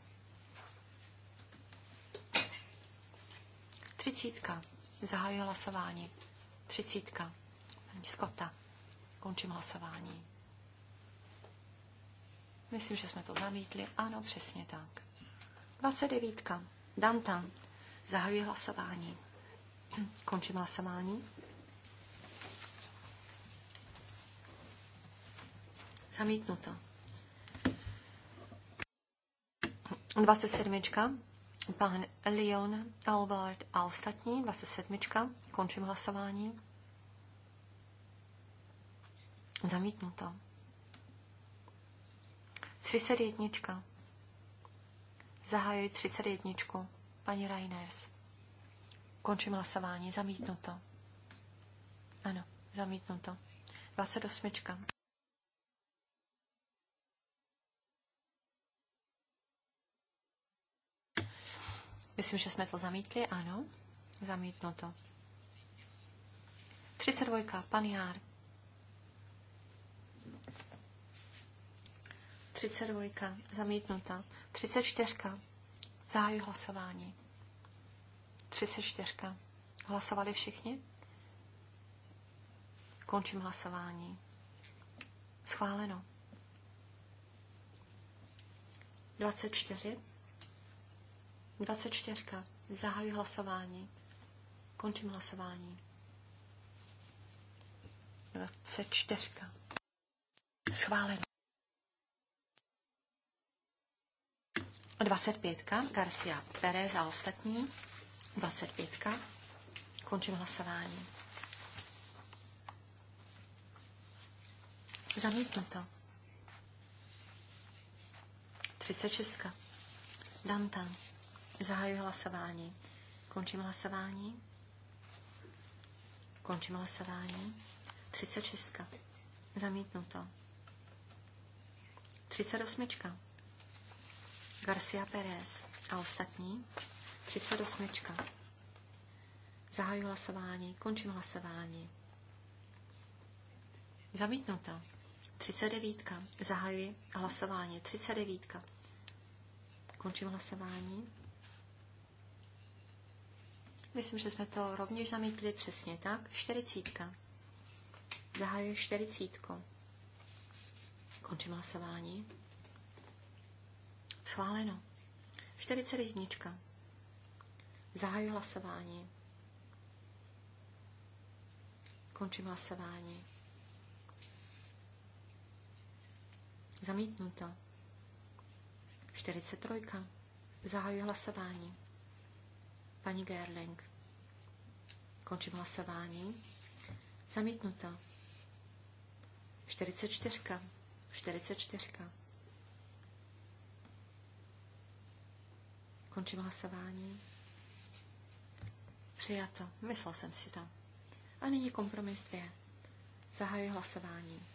D: 30. Zahajuji hlasování. 30. Paní Skota. Končím hlasování. Myslím, že jsme to zamítli. Ano, přesně tak. 29. Danta. Zahajuji hlasování. Končím hlasování. Zamítnuto. 27. Pan Leon Albert a ostatní. 27. Končím hlasování. Zamítnuto. 31. Zahajuji 31. Paní Reiners. Končím hlasování. Zamítnuto. Ano, zamítnuto. 28. Myslím, že jsme to zamítli, ano. Zamítnuto. 32. Pan Jár. 32. Zamítnuta. 34. Zahájí hlasování. 34. Hlasovali všichni? Končím hlasování. Schváleno. 24. 24. Zahajuji hlasování. Končím hlasování. 24. Schváleno. 25. Garcia Pérez a ostatní. 25. Končím hlasování. Zamítnuto. 36. Danta. Zahajuji hlasování. Končím hlasování. Končím hlasování. 36. Zamítnuto. 38. Garcia Pérez a ostatní 308. Zahajuji hlasování, končím hlasování. Zamítnuto. 39. Zahajuji hlasování. 39. Končím hlasování. Myslím, že jsme to rovněž zamítli přesně tak. 40. Zahajuji 40. Končím hlasování. Schváleno. 41. Zahajuji hlasování. Končím hlasování. Zamítnuto. 43. Zahajuji hlasování. Paní Gerling. Končím hlasování. Zamítnuto. 44. 44. Končím hlasování. Přijato. Myslel jsem si to. A nyní kompromis dvě. Zahajuji hlasování.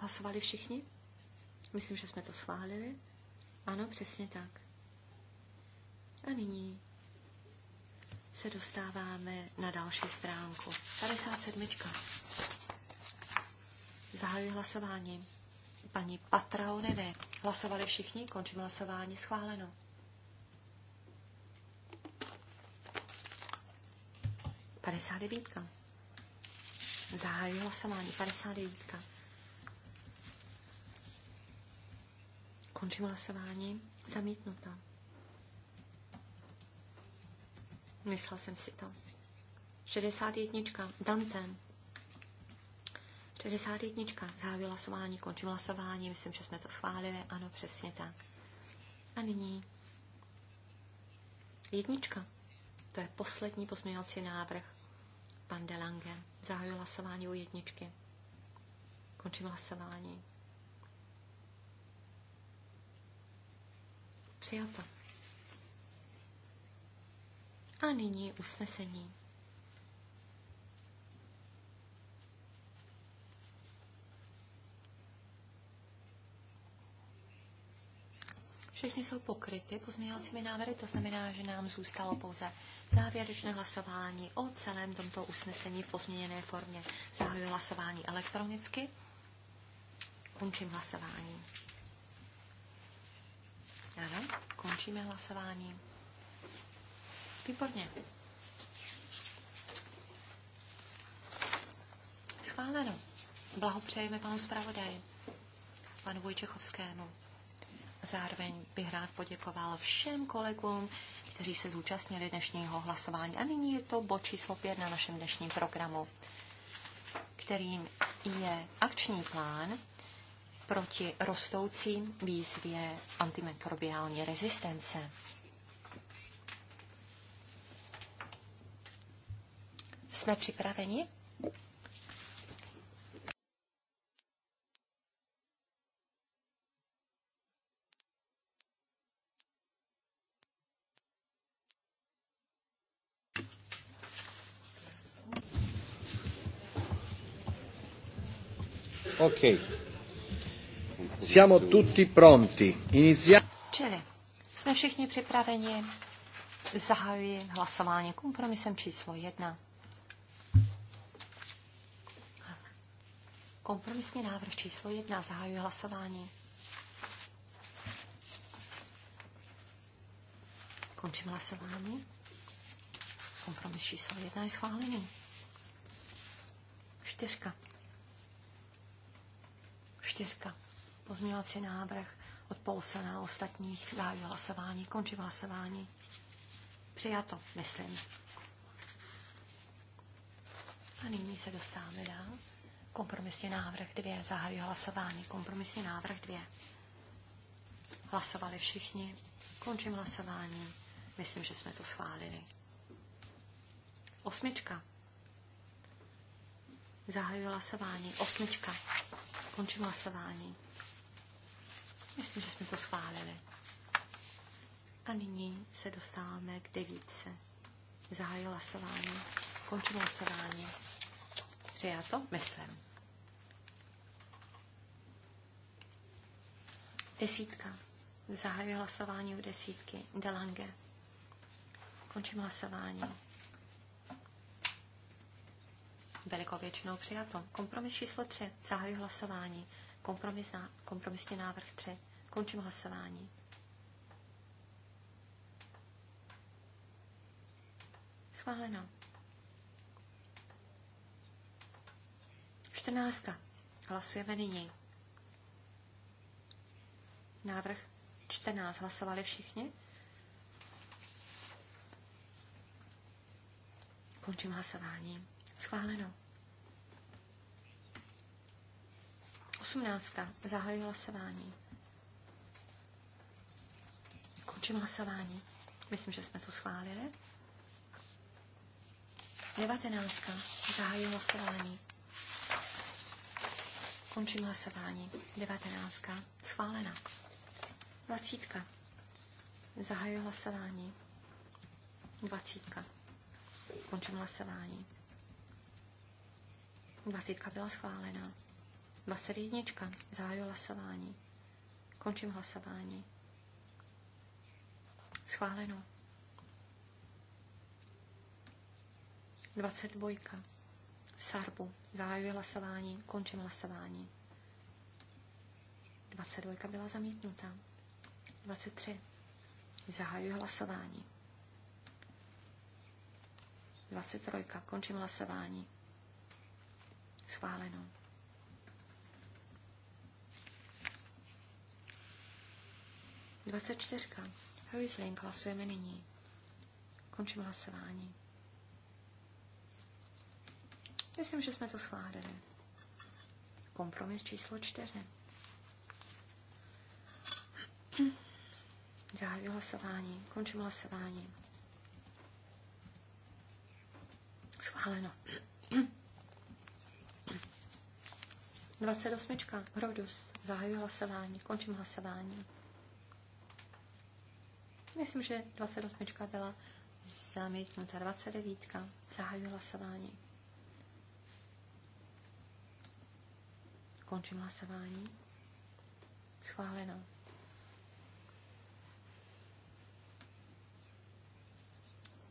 D: Hlasovali všichni? Myslím, že jsme to schválili. Ano, přesně tak. A nyní se dostáváme na další stránku. 57. Zahajuji hlasování. Paní Patraoneve. Hlasovali všichni? Končím hlasování. Schváleno. 59. Zahájí hlasování. 59. Končím hlasování. Zamítnuta. Myslel jsem si to. 61. Dante. 61. Zahájí hlasování. Končím hlasování. Myslím, že jsme to schválili. Ano, přesně tak. A nyní jednička. To je poslední pozměňovací návrh Pan Delange. Zahajuji hlasování u jedničky. Končím hlasování. Přijato. A nyní usnesení. Všechny jsou pokryty pozměňovacími návrhy, to znamená, že nám zůstalo pouze závěrečné hlasování o celém tomto usnesení v pozměněné formě. Zahajuji hlasování elektronicky. Končím hlasování. Ano, končíme hlasování. Výborně. Schváleno. Blahopřejeme panu zpravodaji, panu Vojčechovskému. Zároveň bych rád poděkoval všem kolegům, kteří se zúčastnili dnešního hlasování. A nyní je to bod číslo 5 na našem dnešním programu, kterým je akční plán proti rostoucí výzvě antimikrobiální rezistence. Jsme připraveni?
A: Ok. Siamo tutti pronti. Iniziamo.
D: Čili jsme všichni připraveni. Zahajuji hlasování kompromisem číslo jedna. Kompromisní návrh číslo jedna. Zahajuji hlasování. Končím hlasování. Kompromis číslo jedna je schválený. Čtyřka čtyřka. Pozměňovací návrh od Polsena a ostatních zájmu hlasování. Končím hlasování. Přijato, myslím. A nyní se dostáváme dál. Kompromisní návrh 2. Zahajuji hlasování. Kompromisní návrh 2. Hlasovali všichni. Končím hlasování. Myslím, že jsme to schválili. Osmička. Zahajuji hlasování. Osmička. Končím hlasování. Myslím, že jsme to schválili. A nyní se dostáváme k devítce. Zahajuji hlasování. Končím hlasování. to Myslím. Desítka. Zahajuji hlasování u desítky. Delange. Končím hlasování velikou většinou přijato. Kompromis číslo 3. Zahajuji hlasování. Kompromis, na, kompromisní návrh 3. Končím hlasování. Schváleno. 14. Hlasujeme nyní. Návrh 14. Hlasovali všichni? Končím hlasování. Schváleno. Osmnáctka. Zahajuji hlasování. Končím hlasování. Myslím, že jsme to schválili. Devatenáctka. Zahajuji hlasování. Končím hlasování. Devatenáctka. Schválena. Dvacítka. Zahajuji hlasování. Dvacítka. Končím hlasování. Dvacítka byla schválena. 21. Zahájil hlasování. Končím hlasování. Schváleno. 22. Sarbu. Zahajuji hlasování. Končím hlasování. 22 byla zamítnuta. 23. Zahajuji hlasování. 23. Končím hlasování. Schváleno. Dvacet čtyřka. Heusling hlasujeme nyní. Končím hlasování. Myslím, že jsme to schválili. Kompromis číslo čtyři. Zahajuji hlasování. Končím hlasování. Schváleno. 28. Hrodust. Zahajuji hlasování. Končím hlasování. Myslím, že 28. byla zamítnuta. 29. Zahajuji hlasování. Končím hlasování. Schváleno.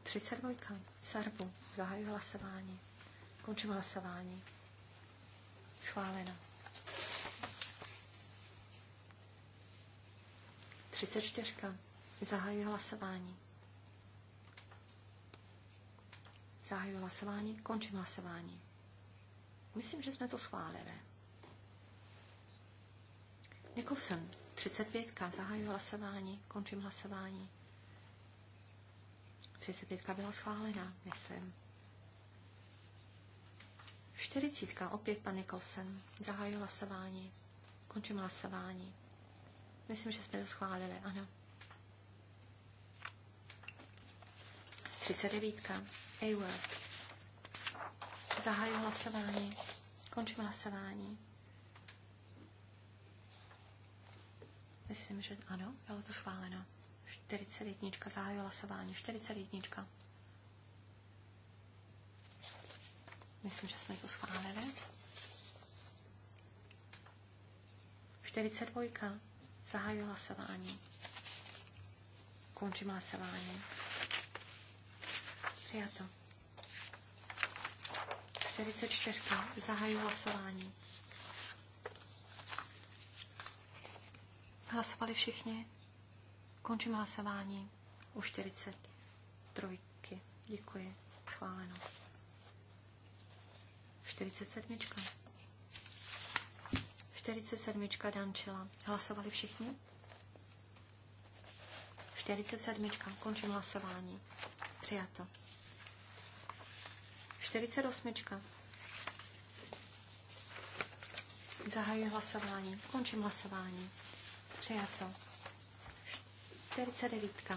D: Třicet dvojka. Sarbu, Zahajuji hlasování. Končím hlasování. Schváleno. 34. Zahajuji hlasování. Zahajuji hlasování, končím hlasování. Myslím, že jsme to schválili. Nicholson, 35. Zahajuji hlasování, končím hlasování. 35. byla schválena, myslím. 40. Opět pan Nicholson. Zahajuji hlasování. Končím hlasování. Myslím, že jsme to schválili, ano. 39. Ayward. Zahájím hlasování. Končím hlasování. Myslím, že ano, bylo to schváleno. 41. Zahájím hlasování. 41. Myslím, že jsme to schválili. 42. Zahajuji hlasování. Končím hlasování. Přijato. 44. Zahajuji hlasování. Hlasovali všichni? Končím hlasování. U 43. Děkuji. Schváleno. 47. 47. Dančila. Hlasovali všichni? 47. Končím hlasování. Přijato. 48. Zahajuji hlasování. Končím hlasování. Přijato. 49.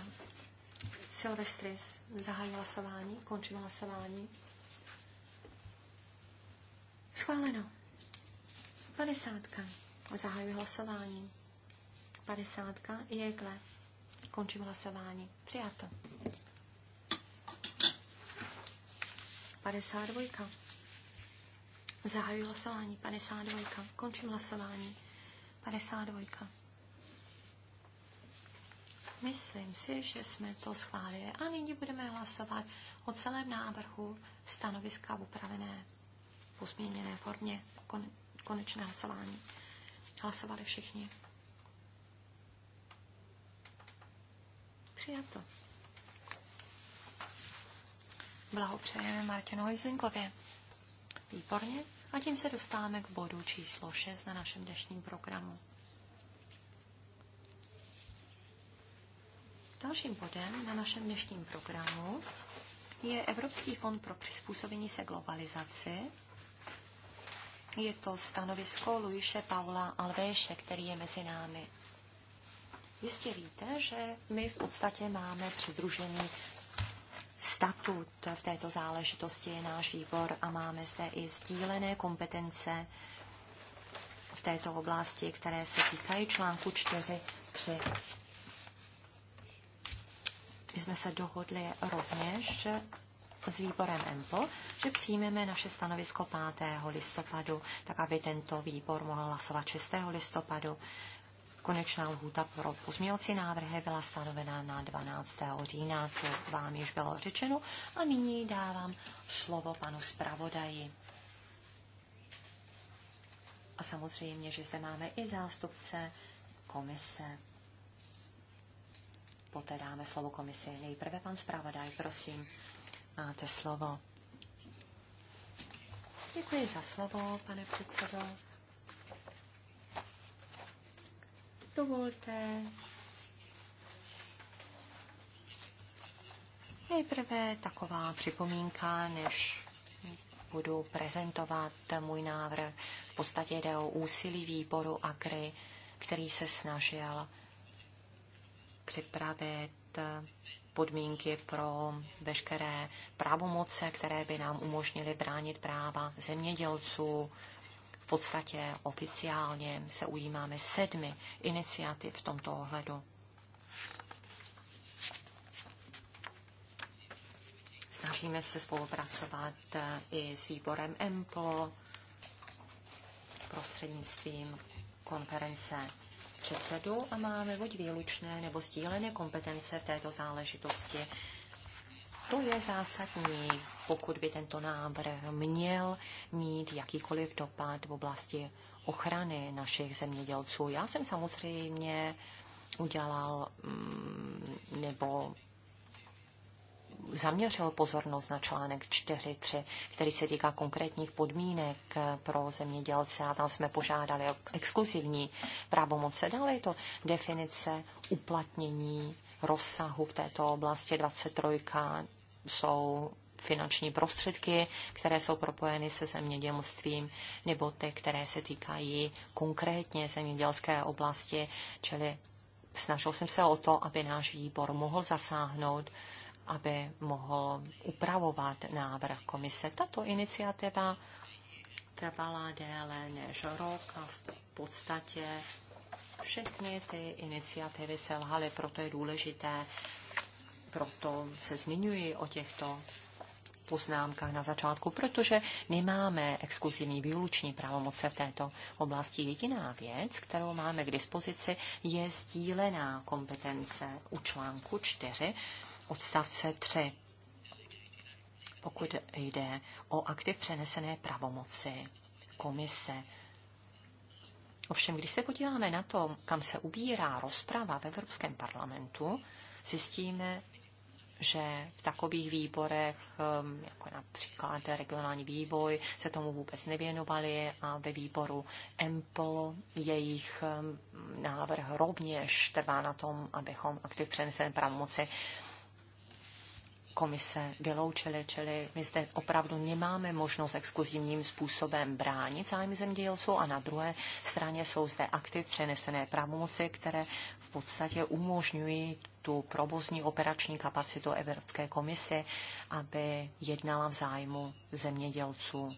D: Silvestris. Zahajuji hlasování. Končím hlasování. Schváleno. Padesátka. Zahajuji hlasování. Padesátka. Jegle. Končím hlasování. Přijato. dvojka. Zahajuji hlasování. dvojka. Končím hlasování. dvojka. Myslím si, že jsme to schválili. A nyní budeme hlasovat o celém návrhu stanoviska v upravené pozměněné formě. Kon- Konečné hlasování. Hlasovali všichni. Přijato. Blahopřejeme Martinu Hojzenkově. Výborně. A tím se dostáváme k bodu číslo 6 na našem dnešním programu. Dalším bodem na našem dnešním programu je Evropský fond pro přizpůsobení se globalizaci je to stanovisko Luise Paula Alvéše, který je mezi námi. Jistě víte, že my v podstatě máme přidružený statut v této záležitosti je náš výbor a máme zde i sdílené kompetence v této oblasti, které se týkají článku 4.3. My jsme se dohodli rovněž, s výborem EMPO, že přijmeme naše stanovisko 5. listopadu, tak aby tento výbor mohl hlasovat 6. listopadu. Konečná lhůta pro pozměňovací návrhy byla stanovena na 12. října, to vám již bylo řečeno. A nyní dávám slovo panu zpravodaji. A samozřejmě, že zde máme i zástupce komise. Poté dáme slovo komisi. Nejprve pan zpravodaj, prosím. Máte slovo. Děkuji za slovo, pane předsedo. Dovolte nejprve taková připomínka, než budu prezentovat můj návrh. V podstatě jde o úsilí výboru AKRY, který se snažil připravit podmínky pro veškeré právomoce, které by nám umožnily bránit práva zemědělců. V podstatě oficiálně se ujímáme sedmi iniciativ v tomto ohledu. Snažíme se spolupracovat eh, i s výborem EMPLO prostřednictvím konference předsedu a máme buď výlučné nebo sdílené kompetence v této záležitosti. To je zásadní, pokud by tento návrh měl mít jakýkoliv dopad v oblasti ochrany našich zemědělců. Já jsem samozřejmě udělal mm, nebo zaměřil pozornost na článek 4.3, který se týká konkrétních podmínek pro zemědělce a tam jsme požádali o exkluzivní právomoc. Dále je to definice uplatnění rozsahu v této oblasti 23 jsou finanční prostředky, které jsou propojeny se zemědělstvím, nebo ty, které se týkají konkrétně zemědělské oblasti, čili snažil jsem se o to, aby náš výbor mohl zasáhnout aby mohl upravovat návrh komise. Tato iniciativa trvala déle než rok a v podstatě všechny ty iniciativy selhaly, proto je důležité, proto se zmiňuji o těchto poznámkách na začátku, protože my máme exkluzivní výluční pravomoce v této oblasti. Jediná věc, kterou máme k dispozici, je sdílená kompetence u článku 4 odstavce 3, pokud jde o aktiv přenesené pravomoci komise. Ovšem, když se podíváme na to, kam se ubírá rozprava v Evropském parlamentu, zjistíme, že v takových výborech, um, jako například regionální vývoj, se tomu vůbec nevěnovali a ve výboru EMPL jejich um, návrh rovněž trvá na tom, abychom aktiv přenesené pravomoci komise vyloučili, čili my zde opravdu nemáme možnost exkluzivním způsobem bránit zájmy zemědělců a na druhé straně jsou zde aktiv přenesené pravomoci, které v podstatě umožňují tu provozní operační kapacitu Evropské komise, aby jednala v zájmu zemědělců.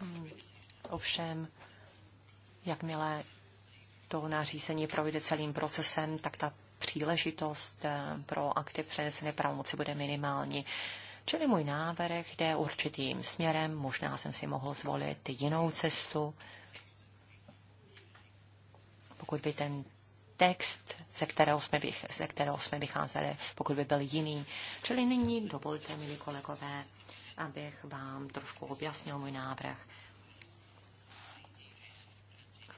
D: Hmm. Ovšem, jakmile to nařízení projde celým procesem, tak ta příležitost eh, pro akty přenesené pravomoci bude minimální. Čili můj návrh jde určitým směrem, možná jsem si mohl zvolit jinou cestu. Pokud by ten text, ze kterého jsme, vych, ze kterého jsme vycházeli, pokud by byl jiný. Čili nyní dovolte, milí kolegové, abych vám trošku objasnil můj návrh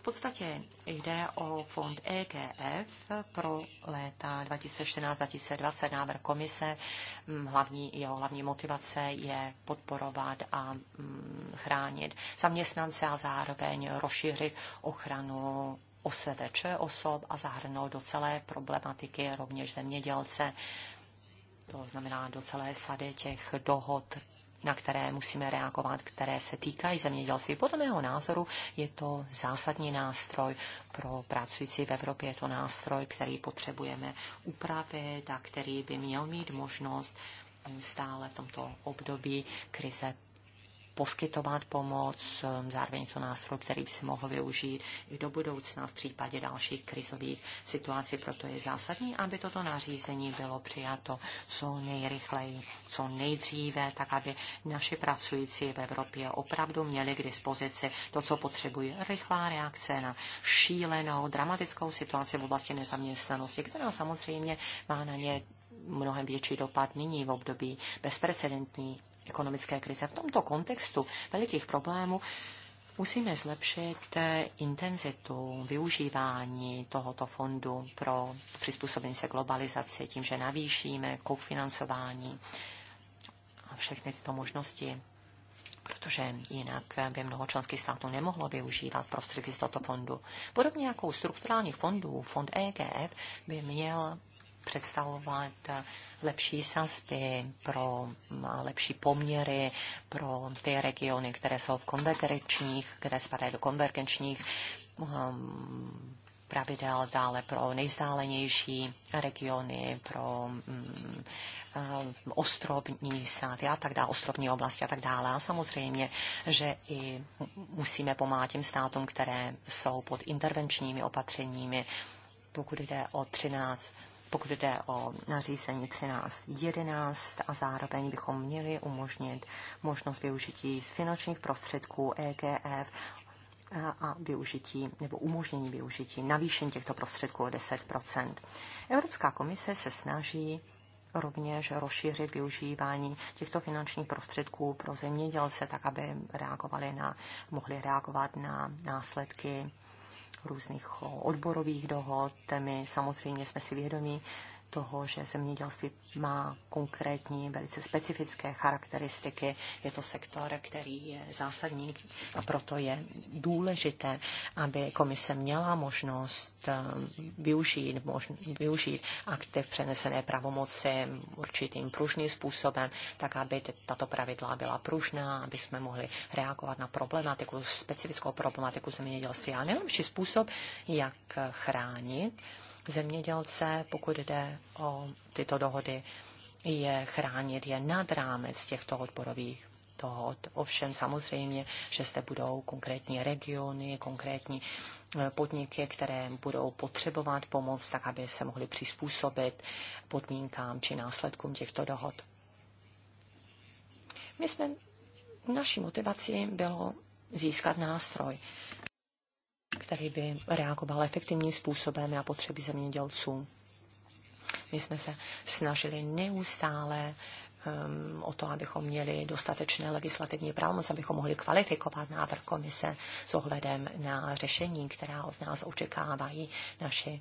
D: podstatě jde o fond EGF pro léta 2014-2020. Návrh komise, hlavní, jeho hlavní motivace je podporovat a chránit zaměstnance a zároveň rozšířit ochranu OSVČ osob a zahrnout do celé problematiky rovněž zemědělce, to znamená do celé sady těch dohod, na které musíme reagovat, které se týkají zemědělství. Podle mého názoru je to zásadní nástroj pro pracující v Evropě. Je to nástroj, který potřebujeme upravit a který by měl mít možnost stále v tomto období krize poskytovat pomoc, um, zároveň to nástroj, který by se mohl využít i do budoucna v případě dalších krizových situací. Proto je zásadní, aby toto nařízení bylo přijato co nejrychleji, co nejdříve, tak aby naši pracující v Evropě opravdu měli k dispozici to, co potřebují. Rychlá reakce na šílenou, dramatickou situaci v oblasti nezaměstnanosti, která samozřejmě má na ně mnohem větší dopad nyní v období bezprecedentní ekonomické krize. V tomto kontextu velikých problémů musíme zlepšit eh, intenzitu využívání tohoto fondu pro přizpůsobení se globalizaci tím, že navýšíme kofinancování a všechny tyto možnosti protože jinak by mnoho členských států nemohlo využívat prostředky z tohoto fondu. Podobně jako u strukturálních fondů, fond EGF by měl představovat lepší sazby pro lepší poměry pro ty regiony, které jsou v konvergenčních, které spadají do konvergenčních um, pravidel dále pro nejzdálenější regiony, pro um, ostrovní státy a tak dále, ostrovní oblasti a tak dále. A samozřejmě, že i musíme pomáhat těm státům, které jsou pod intervenčními opatřeními, pokud jde o 13 pokud jde o nařízení 13.11 a zároveň bychom měli umožnit možnost využití z finančních prostředků EGF a využití nebo umožnění využití navýšení těchto prostředků o 10 Evropská komise se snaží rovněž rozšířit využívání těchto finančních prostředků pro zemědělce, tak aby reagovali na, mohli reagovat na následky různých odborových dohod. My samozřejmě jsme si vědomí toho, že zemědělství má konkrétní, velice specifické charakteristiky. Je to sektor, který je zásadní a proto je důležité, aby komise měla možnost um, využít, možn, využít aktiv přenesené pravomoci určitým pružným způsobem, tak aby tato pravidla byla pružná, aby jsme mohli reagovat na problematiku, specifickou problematiku zemědělství a nejlepší způsob, jak chránit zemědělce, pokud jde o tyto dohody, je chránit je nad rámec těchto odborových dohod. Ovšem samozřejmě, že zde budou konkrétní regiony, konkrétní eh, podniky, které budou potřebovat pomoc, tak aby se mohly přizpůsobit podmínkám či následkům těchto dohod. My jsme, naší motivací bylo získat nástroj, který by reagoval efektivním způsobem na potřeby zemědělců. My jsme se snažili neustále um, o to, abychom měli dostatečné legislativní právo, abychom mohli kvalifikovat návrh komise s ohledem na řešení, která od nás očekávají naši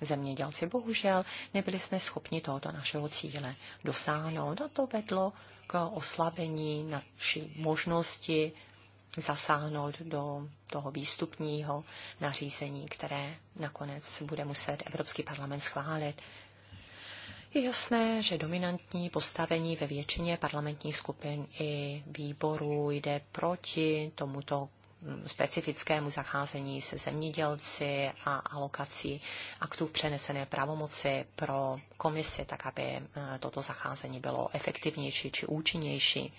D: zemědělci. Bohužel nebyli jsme schopni tohoto našeho cíle dosáhnout a to vedlo k oslabení naší možnosti zasáhnout do toho výstupního nařízení, které nakonec bude muset Evropský parlament schválit. Je jasné, že dominantní postavení ve většině parlamentních skupin i výborů jde proti tomuto specifickému zacházení se zemědělci a alokací aktů přenesené pravomoci pro komisi, tak aby eh, toto zacházení bylo efektivnější či účinnější.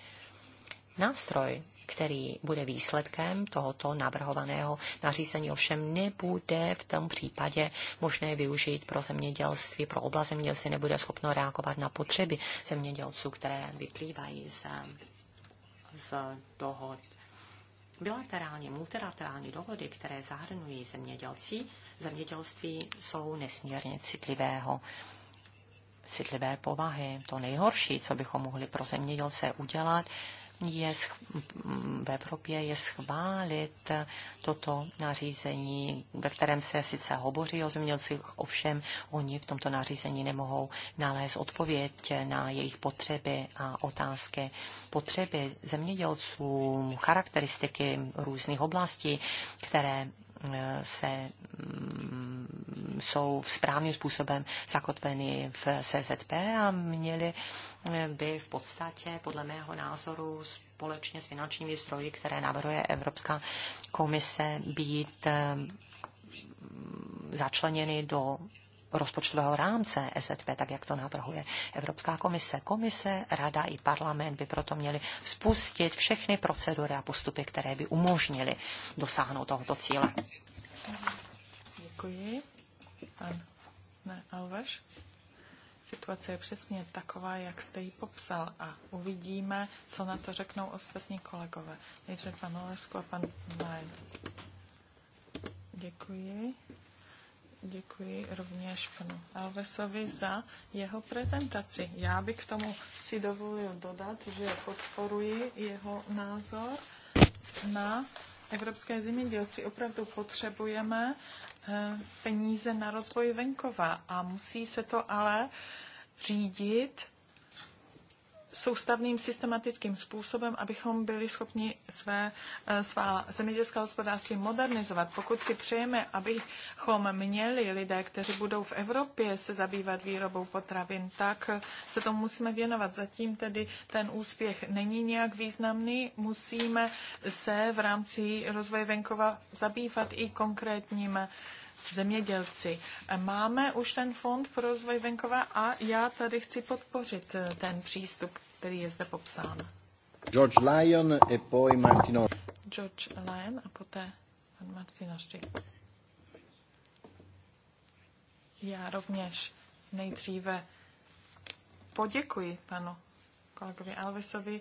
D: Nástroj který bude výsledkem tohoto navrhovaného nařízení, ovšem nebude v tom případě možné využít pro zemědělství, pro oblast zemědělství nebude schopno reagovat na potřeby zemědělců, které vyplývají z, z dohod Bilaterální, multilaterální dohody, které zahrnují zemědělci, zemědělství jsou nesmírně citlivého citlivé povahy. To nejhorší, co bychom mohli pro zemědělce udělat, je v Evropě je schválit toto nařízení, ve kterém se sice hovoří o zemědělcích, ovšem oni v tomto nařízení nemohou nalézt odpověď na jejich potřeby a otázky. Potřeby zemědělců, charakteristiky různých oblastí, které eh, se mm, jsou správným způsobem zakotveny v CZP a měly by v podstatě, podle mého názoru, společně s finančními stroji, které navrhuje Evropská komise, být eh, začleněny do rozpočtového rámce SZP, tak jak to navrhuje Evropská komise. Komise, rada i parlament by proto měli spustit všechny procedury a postupy, které by umožnily dosáhnout tohoto cíle.
C: Děkuji. Pan Alveš, situace je přesně taková, jak jste ji popsal a uvidíme, co na to řeknou ostatní kolegové. Nejdřív pan Olesko a pan Lajn. Děkuji. Děkuji rovněž panu Alvesovi za jeho prezentaci. Já bych k tomu si dovolil dodat, že podporuji jeho názor na evropské zemědělství. Opravdu potřebujeme Eh, peníze na rozvoj venkova a musí se to ale řídit soustavným systematickým způsobem, abychom byli schopni své, eh, svá zemědělská hospodářství modernizovat. Pokud si přejeme, abychom měli lidé, kteří budou v Evropě se zabývat výrobou potravin, tak se tomu musíme věnovat. Zatím tedy ten úspěch není nějak významný. Musíme se v rámci rozvoje venkova zabývat i konkrétním zemědělci. Máme už ten fond pro rozvoj venkova a já tady chci podpořit eh, ten přístup který je zde popsán.
A: George Lyon a poi Martino.
C: George Lyon a poté pan Martinoštěk. Já rovněž nejdříve poděkuji panu kolegovi Alvesovi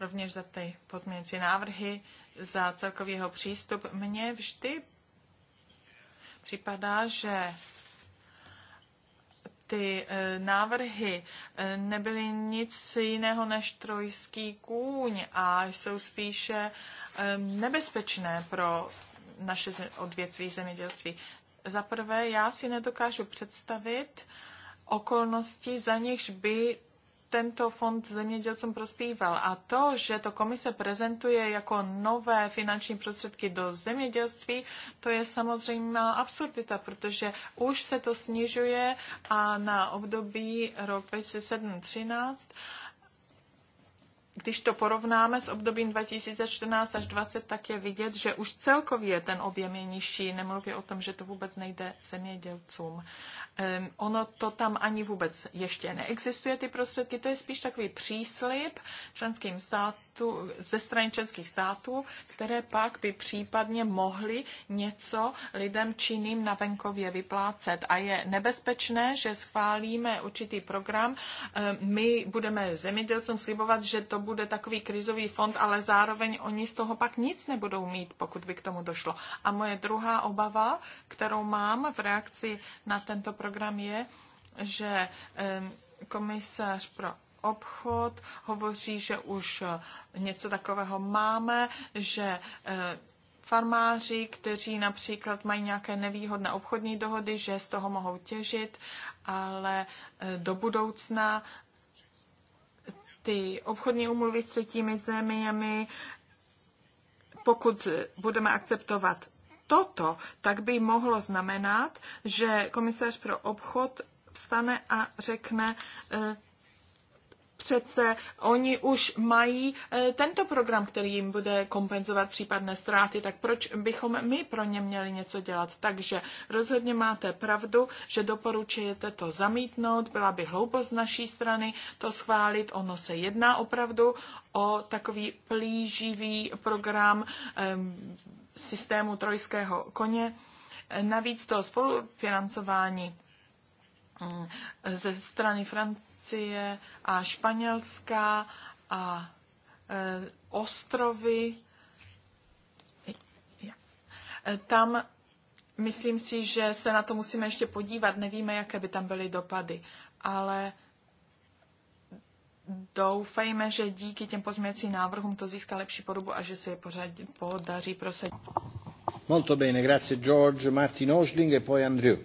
C: rovněž za ty pozměňující návrhy, za celkový jeho přístup. Mně vždy připadá, že ty e, návrhy e, nebyly nic jiného než trojský kůň a jsou spíše e, nebezpečné pro naše odvětví zemědělství. Za prvé, já si nedokážu představit okolnosti, za nichž by tento fond zemědělcům prospíval. A to, že to komise prezentuje jako nové finanční prostředky do zemědělství, to je samozřejmě absurdita, protože už se to snižuje a na období rok 2007-2013 když to porovnáme s obdobím 2014 až 2020, tak je vidět, že už celkově ten objem je nižší. Nemluvě o tom, že to vůbec nejde zemědělcům. Um, ono to tam ani vůbec ještě neexistuje, ty prostředky. To je spíš takový příslip členským státům, tu, ze strany českých států, které pak by případně mohly něco lidem činným na venkově vyplácet. A je nebezpečné, že schválíme určitý program. Eh, my budeme zemědělcům slibovat, že to bude takový krizový fond, ale zároveň oni z toho pak nic nebudou mít, pokud by k tomu došlo. A moje druhá obava, kterou mám v reakci na tento program, je, že eh, komisař pro obchod hovoří, že už eh, něco takového máme, že eh, farmáři, kteří například mají nějaké nevýhodné obchodní dohody, že z toho mohou těžit, ale eh, do budoucna ty obchodní umluvy s třetími zeměmi, pokud budeme akceptovat toto, tak by mohlo znamenat, že komisař pro obchod vstane a řekne, přece oni už mají eh, tento program, který jim bude kompenzovat případné ztráty, tak proč bychom my pro ně měli něco dělat? Takže rozhodně máte pravdu, že doporučujete to zamítnout, byla by hloupost z naší strany to schválit, ono se jedná opravdu o takový plíživý program ehm, systému trojského koně. Navíc to spolufinancování Mm, ze strany Francie a Španělska a eh, ostrovy. Tam myslím si, že se na to musíme ještě podívat. Nevíme, jaké by tam byly dopady, ale doufejme, že díky těm pozměňovacím návrhům to získá lepší podobu a že se je pořád podaří prosadit.
A: Molto bene, grazie George, Martin Osling e poi Andrew.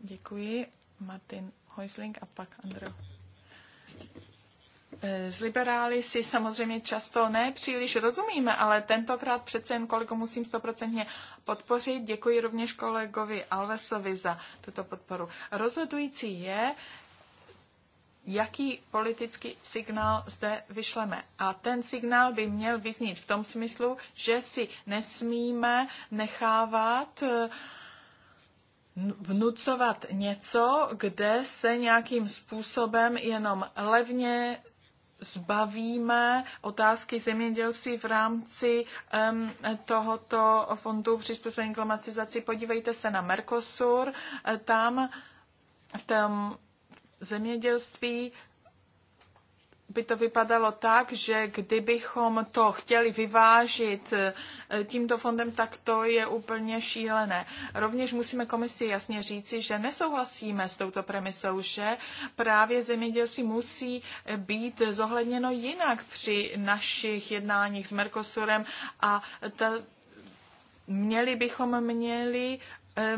C: Děkuji. Martin Heusling a pak Andro. S eh, liberály si samozřejmě často ne příliš rozumíme, ale tentokrát přece jen kolego musím stoprocentně podpořit. Děkuji rovněž kolegovi Alvesovi za tuto podporu. Rozhodující je, jaký politický signál zde vyšleme. A ten signál by měl vyznít v tom smyslu, že si nesmíme nechávat uh, vnucovat něco, kde se nějakým způsobem jenom levně zbavíme otázky zemědělství v rámci um, tohoto fondu přizpůsobení klimatizaci. Podívejte se na Mercosur, tam v tom zemědělství by to vypadalo tak, že kdybychom to chtěli vyvážit eh, tímto fondem, tak to je úplně šílené. Rovněž musíme komisi jasně říci, že nesouhlasíme s touto premisou, že právě zemědělství musí být zohledněno jinak při našich jednáních s Mercosurem a ta, měli bychom měli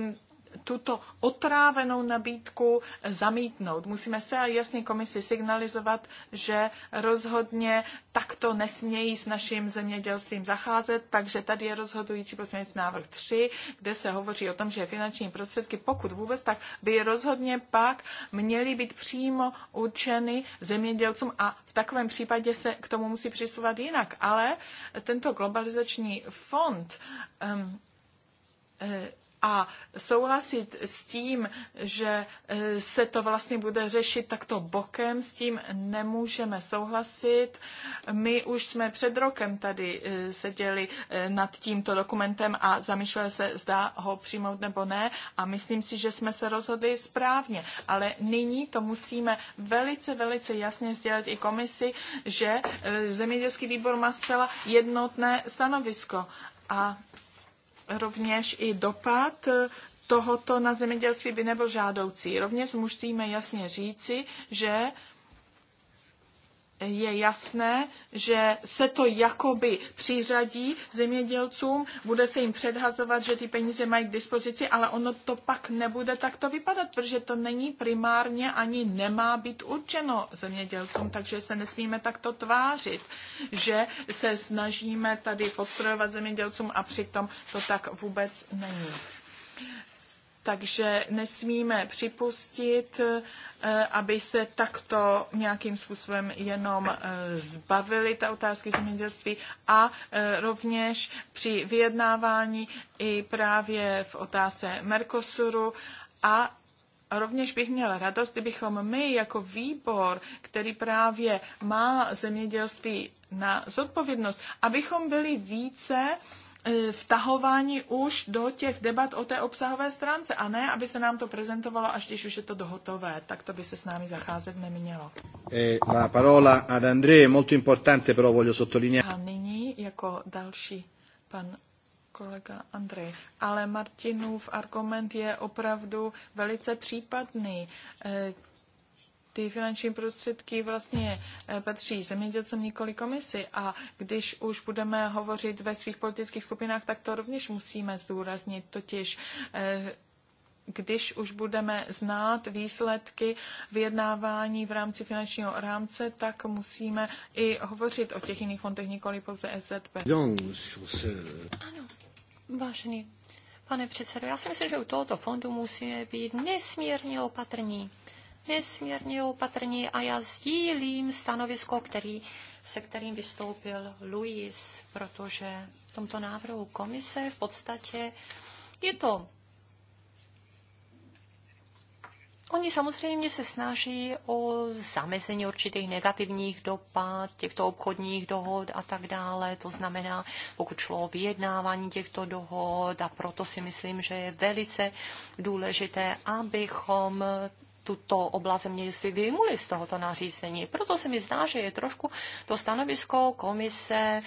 C: um, tuto otrávenou nabídku zamítnout. Musíme se a jasně komisi signalizovat, že rozhodně takto nesmějí s naším zemědělstvím zacházet, takže tady je rozhodující pozměnit návrh 3, kde se hovoří o tom, že finanční prostředky, pokud vůbec, tak by rozhodně pak měly být přímo určeny zemědělcům a v takovém případě se k tomu musí přistupovat jinak. Ale tento globalizační fond um, a souhlasit s tím, že eh, se to vlastně bude řešit takto bokem, s tím nemůžeme souhlasit. My už jsme před rokem tady eh, seděli eh, nad tímto dokumentem a zamýšleli se, zda ho přijmout nebo ne. A myslím si, že jsme se rozhodli správně. Ale nyní to musíme velice, velice jasně sdělit i komisi, že zemědělský výbor má zcela jednotné stanovisko. A rovněž i dopad tohoto na zemědělství by nebyl žádoucí. Rovněž musíme jasně říci, že je jasné, že se to jakoby přiřadí zemědělcům, bude se jim předhazovat, že ty peníze mají k dispozici, ale ono to pak nebude takto vypadat, protože to není primárně ani nemá být určeno zemědělcům, takže se nesmíme takto tvářit, že se snažíme tady podstrojovat zemědělcům a přitom to tak vůbec není. Takže nesmíme připustit, Eh, aby se takto nějakým způsobem jenom eh, zbavili ta otázky zemědělství a eh, rovněž při vyjednávání i právě v otázce Mercosuru a Rovněž bych měla radost, kdybychom my jako výbor, který právě má zemědělství na zodpovědnost, abychom byli více uh, E, vtahování už do těch debat o té obsahové stránce a ne, aby se nám to prezentovalo, až když už je to dohotové, tak to by se s námi zacházet nemělo.
A: E, la parola ad André, molto importante, però voglio sottolineare. A
C: nyní jako další pan kolega Andrej. Ale Martinův argument je opravdu velice případný. E, ty finanční prostředky vlastně eh, patří zemědělcům nikoli komisi a když už budeme hovořit ve svých politických skupinách, tak to rovněž musíme zdůraznit, totiž eh, když už budeme znát výsledky vyjednávání v rámci finančního rámce, tak musíme i hovořit o těch jiných fondech, nikoli pouze SZP. Ano, vážený pane předsedo, já si myslím, že u tohoto fondu musíme být nesmírně
D: opatrní nesmírně opatrní a já sdílím stanovisko, který, se kterým vystoupil Luis, protože v tomto návrhu komise v podstatě je to Oni samozřejmě se snaží o zamezení určitých negativních dopad těchto obchodních dohod a tak dále. To znamená, pokud šlo o vyjednávání těchto dohod a proto si myslím, že je velice důležité, abychom tuto oblast zemědělství vyjmuli z tohoto nařízení. Proto se mi zdá, že je trošku to stanovisko komise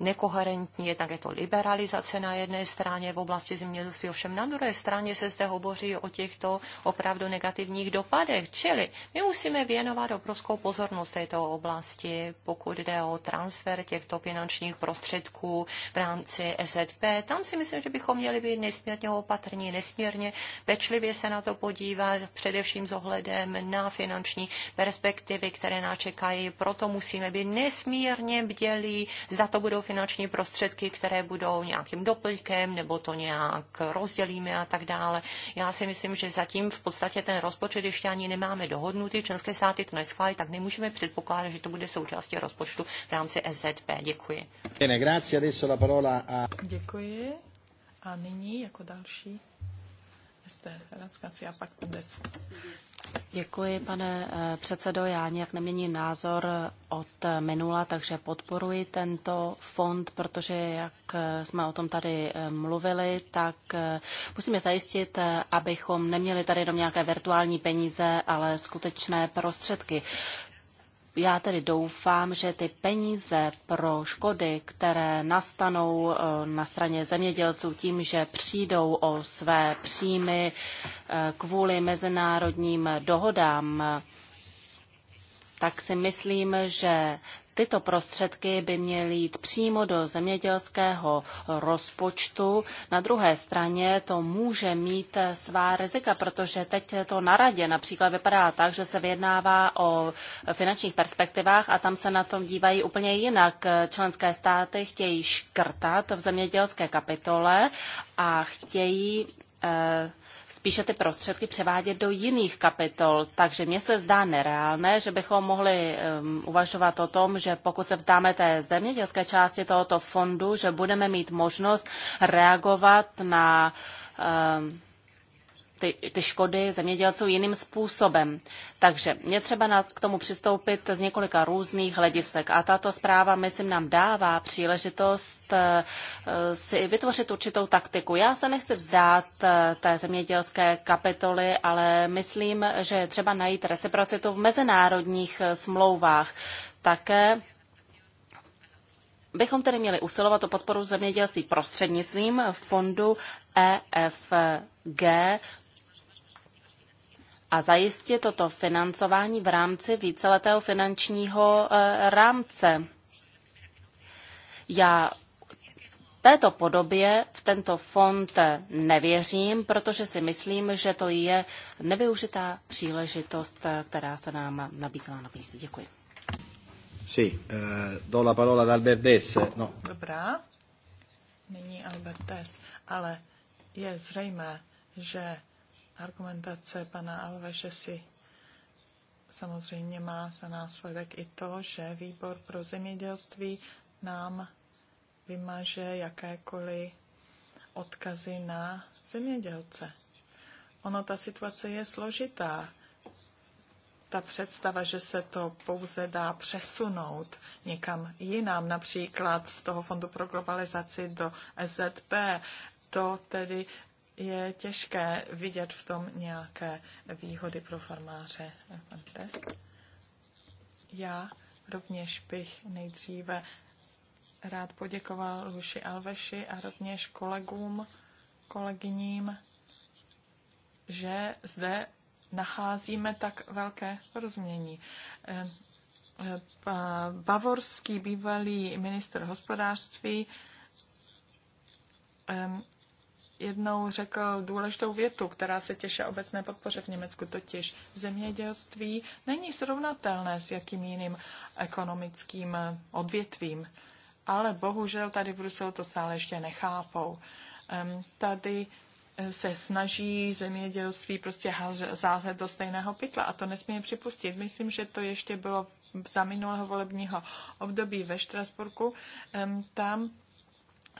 D: nekoherentní, jednak je to liberalizace na jedné straně v oblasti zemědělství, ovšem na druhé straně se zde hovoří o těchto opravdu negativních dopadech, čili my musíme věnovat obrovskou pozornost této oblasti, pokud jde o transfer těchto finančních prostředků v rámci SZP. Tam si myslím, že bychom měli být nesmírně opatrní, nesmírně pečlivě se na to podívat, především s ohledem na finanční perspektivy, které nás čekají. Proto musíme být nesmírně bdělí, zda to budou finanční prostředky, které budou nějakým doplňkem, nebo to nějak rozdělíme a tak dále. Já si myslím, že zatím v podstatě ten rozpočet ještě ani nemáme dohodnutý, členské státy to neschválí, tak nemůžeme předpokládat, že to bude součástí rozpočtu v rámci SZP. Děkuji.
A: Děkuji.
C: A nyní jako další jste Radská a pak Pundes.
B: Děkuji, pane eh, předsedo. Já nějak neměním názor od minula, takže podporuji tento fond, protože jak eh, jsme o tom tady eh, mluvili, tak musíme zajistit, abychom neměli tady jenom nějaké virtuální peníze, ale skutečné prostředky já tedy doufám, že ty peníze pro škody, které nastanou eh, na straně zemědělců tím, že přijdou o své příjmy eh, kvůli mezinárodním dohodám, eh, tak si myslím, že Tyto prostředky by měly jít přímo do zemědělského rozpočtu. Na druhé straně to může mít svá rizika, protože teď to na radě například vypadá tak, že se vyjednává o finančních perspektivách a tam se na tom dívají úplně jinak. Členské státy chtějí škrtat v zemědělské kapitole a chtějí eh, spíše ty prostředky převádět do jiných kapitol. Takže mně se zdá nereálné, že bychom mohli um, uvažovat o tom, že pokud se vzdáme té zemědělské části tohoto fondu, že budeme mít možnost reagovat na um, ty, ty škody zemědělců jiným způsobem. Takže je třeba na, k tomu přistoupit z několika různých hledisek. A tato zpráva, myslím, nám dává příležitost eh, eh, si vytvořit určitou taktiku. Já se nechci vzdát eh, té zemědělské kapitoly, ale myslím, že je třeba najít reciprocitu v mezinárodních smlouvách. Také bychom tedy měli usilovat o podporu zemědělství prostřednictvím fondu EFG a zajistit toto financování v rámci víceletého finančního eh, rámce. Já této podobě v tento fond nevěřím, protože si myslím, že to je nevyužitá příležitost, eh, která se nám nabízela na písi. Děkuji.
A: Sí, eh, do la parola ad Albertes. No.
C: Dobrá, nyní Albertes, ale je zřejmé, že argumentace pana Alveše si samozřejmě má za následek i to, že výbor pro zemědělství nám vymaže jakékoliv odkazy na zemědělce. Ono, ta situace je složitá. Ta představa, že se to pouze dá přesunout někam jinam, například z toho Fondu pro globalizaci do SZP, to tedy je těžké vidět v tom nějaké výhody pro farmáře. Já rovněž bych nejdříve rád poděkoval Luši Alveši a rovněž kolegům, kolegyním, že zde nacházíme tak velké porozumění. Eh, eh, bavorský bývalý minister hospodářství eh, jednou řekl důležitou větu, která se těší obecné podpoře v Německu, totiž zemědělství není srovnatelné s jakým jiným ekonomickým odvětvím. Ale bohužel tady v Bruselu to stále ještě nechápou. Tady eh, se snaží zemědělství prostě házet do stejného pytla a to nesmíme připustit. Myslím, že to ještě bylo za minulého volebního období ve Štrasburku. Tam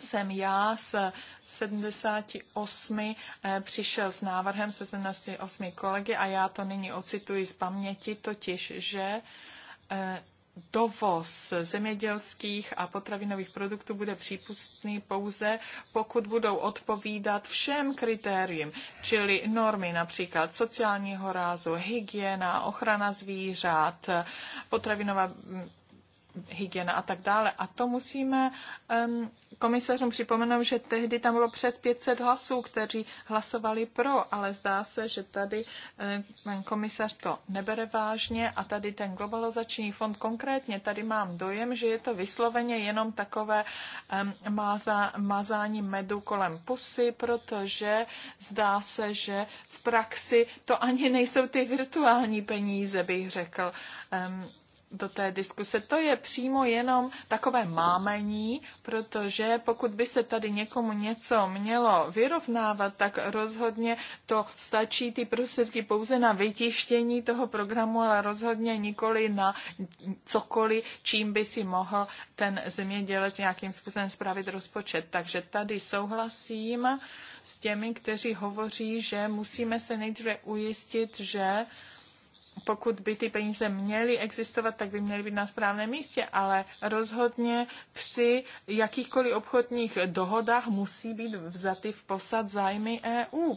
C: jsem já s 78 eh, přišel s návrhem se 78 kolegy a já to nyní ocituji z paměti, totiž, že eh, dovoz zemědělských a potravinových produktů bude přípustný pouze, pokud budou odpovídat všem kritériím, čili normy například sociálního rázu, hygiena, ochrana zvířat, potravinová hm, hygiena a tak dále. A to musíme um, komisařům připomenout, že tehdy tam bylo přes 500 hlasů, kteří hlasovali pro, ale zdá se, že tady eh, pan komisař to nebere vážně a tady ten globalizační fond konkrétně, tady mám dojem, že je to vysloveně jenom takové máza, mázání medu kolem pusy, protože zdá se, že v praxi to ani nejsou ty virtuální peníze, bych řekl do té diskuse. To je přímo jenom takové mámení, protože pokud by se tady někomu něco mělo vyrovnávat, tak rozhodně to stačí ty prostředky pouze na vytištění toho programu, ale rozhodně nikoli na cokoliv, čím by si mohl ten zemědělec nějakým způsobem spravit rozpočet. Takže tady souhlasím s těmi, kteří hovoří, že musíme se nejdříve ujistit, že pokud by ty peníze měly existovat, tak by měly být na správném místě, ale rozhodně při jakýchkoliv obchodních dohodách musí být vzaty v posad zájmy EU.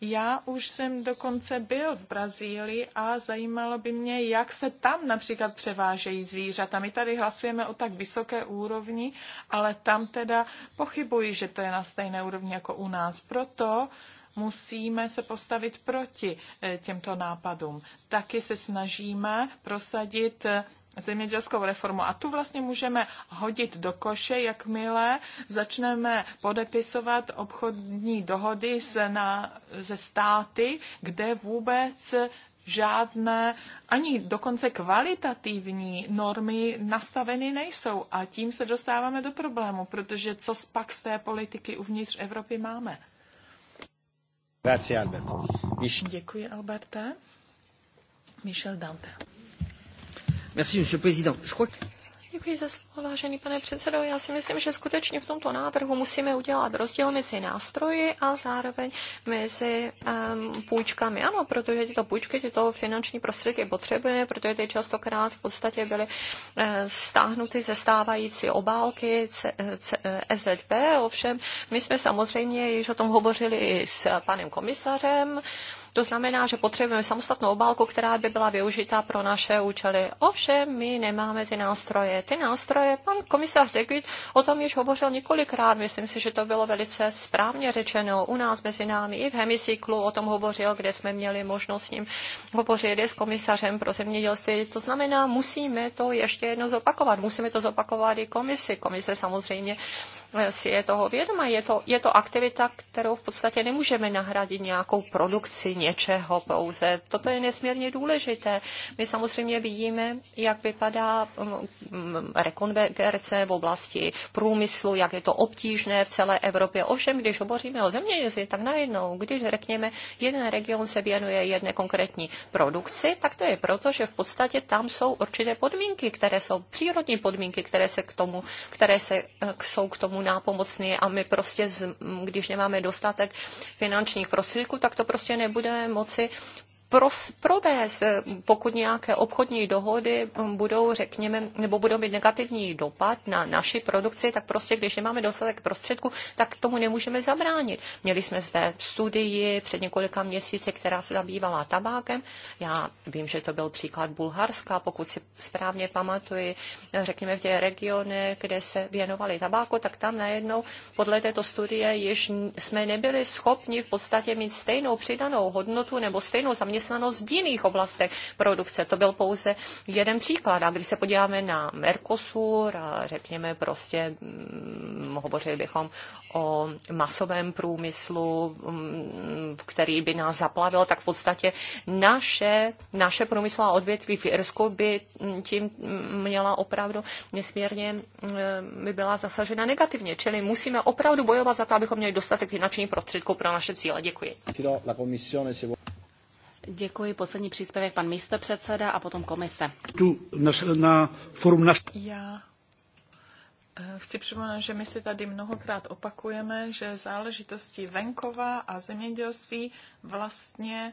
C: Já už jsem dokonce byl v Brazílii a zajímalo by mě, jak se tam například převážejí zvířata. My tady hlasujeme o tak vysoké úrovni, ale tam teda pochybuji, že to je na stejné úrovni jako u nás. Proto musíme se postavit proti eh, těmto nápadům. Taky se snažíme prosadit eh, zemědělskou reformu. A tu vlastně můžeme hodit do koše, jakmile začneme podepisovat obchodní dohody z, na, ze státy, kde vůbec žádné ani dokonce kvalitativní normy nastaveny nejsou. A tím se dostáváme do problému, protože co pak z té politiky uvnitř Evropy máme?
A: Grazie, Albert. Mich...
C: Děkuji, Alberta. Michel Dante.
A: Merci, monsieur le président. Je
C: crois... Děkuji
D: za slovo, vážený pane předsedo. Já si myslím, že skutečně v tomto návrhu musíme udělat rozdíl mezi nástroji a zároveň mezi um, půjčkami. Ano, protože tyto půjčky, tyto finanční prostředky potřebujeme, protože ty častokrát v podstatě byly uh, stáhnuty ze stávající obálky C, C, SZB. Ovšem, my jsme samozřejmě již o tom hovořili i s panem komisařem. Uh, to znamená, že potřebujeme samostatnou obálku, která by byla využita pro naše účely. Ovšem, my nemáme ty nástroje. Ty nástroje, pan komisař Degwit o tom již hovořil několikrát. Myslím si, že to bylo velice správně řečeno u nás mezi námi. I v hemicyklu o tom hovořil, kde jsme měli možnost s ním hovořit s komisařem pro zemědělství. To znamená, musíme to ještě jednou zopakovat. Musíme to zopakovat i komisi. Komise samozřejmě si je toho vědoma. Je to, je to aktivita, kterou v podstatě nemůžeme nahradit nějakou produkci něčeho pouze. Toto je nesmírně důležité. My samozřejmě vidíme, jak vypadá um, um, rekonvergence v oblasti průmyslu, jak je to obtížné v celé Evropě. Ovšem, když hovoříme o zemědělství, tak najednou, když řekněme, jeden region se věnuje jedné konkrétní produkci, tak to je proto, že v podstatě tam jsou určité podmínky, které jsou přírodní podmínky, které se k tomu, které se eh, jsou k tomu nápomocný a my prostě, když nemáme dostatek finančních prostředků, tak to prostě nebudeme moci pros, provést, eh, pokud nějaké obchodní dohody hm, budou, řekněme, nebo budou mít negativní dopad na naši produkci, tak prostě, když nemáme dostatek prostředků, tak tomu nemůžeme zabránit. Měli jsme zde studii před několika měsíci, která se zabývala tabákem. Já vím, že to byl příklad Bulharska, pokud si správně pamatuji, eh, řekněme v těch regionech, kde se věnovali tabáku, tak tam najednou podle této studie již jsme nebyli schopni v podstatě mít stejnou přidanou hodnotu nebo stejnou zaměstnanost zaměstnanost v jiných oblastech produkce. To byl pouze jeden příklad. A když se podíváme na Mercosur a řekněme prostě, hm, hovořili bychom o masovém průmyslu, hm, který by nás zaplavil, tak v podstatě naše, naše průmyslová odvětví v Irsku by tím mm, měla opravdu nesmírně by byla zasažena negativně. Čili musíme opravdu bojovat za to, abychom měli dostatek finančních
A: prostředků pro naše cíle. Děkuji.
D: Děkuji. Poslední
C: příspěvek pan předseda a potom komise. Tu na, na forum na... Já eh, Chci připomenout, že my si tady mnohokrát opakujeme, že záležitosti venkova a zemědělství vlastně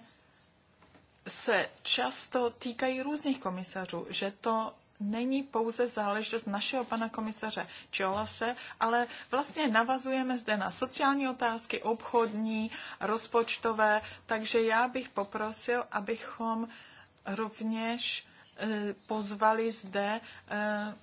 C: se často týkají různých komisařů, že to není pouze záležitost našeho pana komisaře Čolase, ale vlastně navazujeme zde na sociální otázky, obchodní, rozpočtové, takže já bych poprosil, abychom rovněž e, pozvali zde e,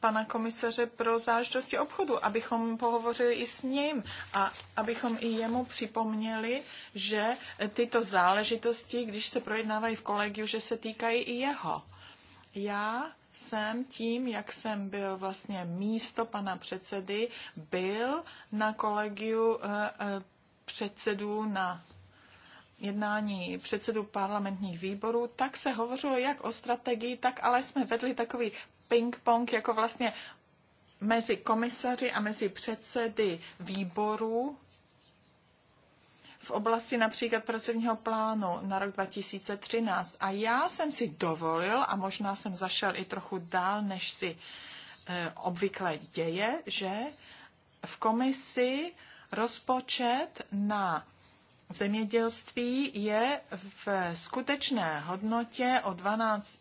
C: pana komisaře pro záležitosti obchodu, abychom pohovořili i s ním a abychom i jemu připomněli, že tyto záležitosti, když se projednávají v kolegiu, že se týkají i jeho. Já jsem tím, jak jsem byl vlastně místo pana předsedy, byl na kolegiu eh, eh, předsedů na jednání předsedů parlamentních výborů, tak se hovořilo jak o strategii, tak ale jsme vedli takový ping-pong jako vlastně mezi komisaři a mezi předsedy výborů v oblasti například pracovního plánu na rok 2013. A já jsem si dovolil, a možná jsem zašel i trochu dál, než si e, obvykle děje, že v komisi rozpočet na zemědělství je v skutečné hodnotě o 12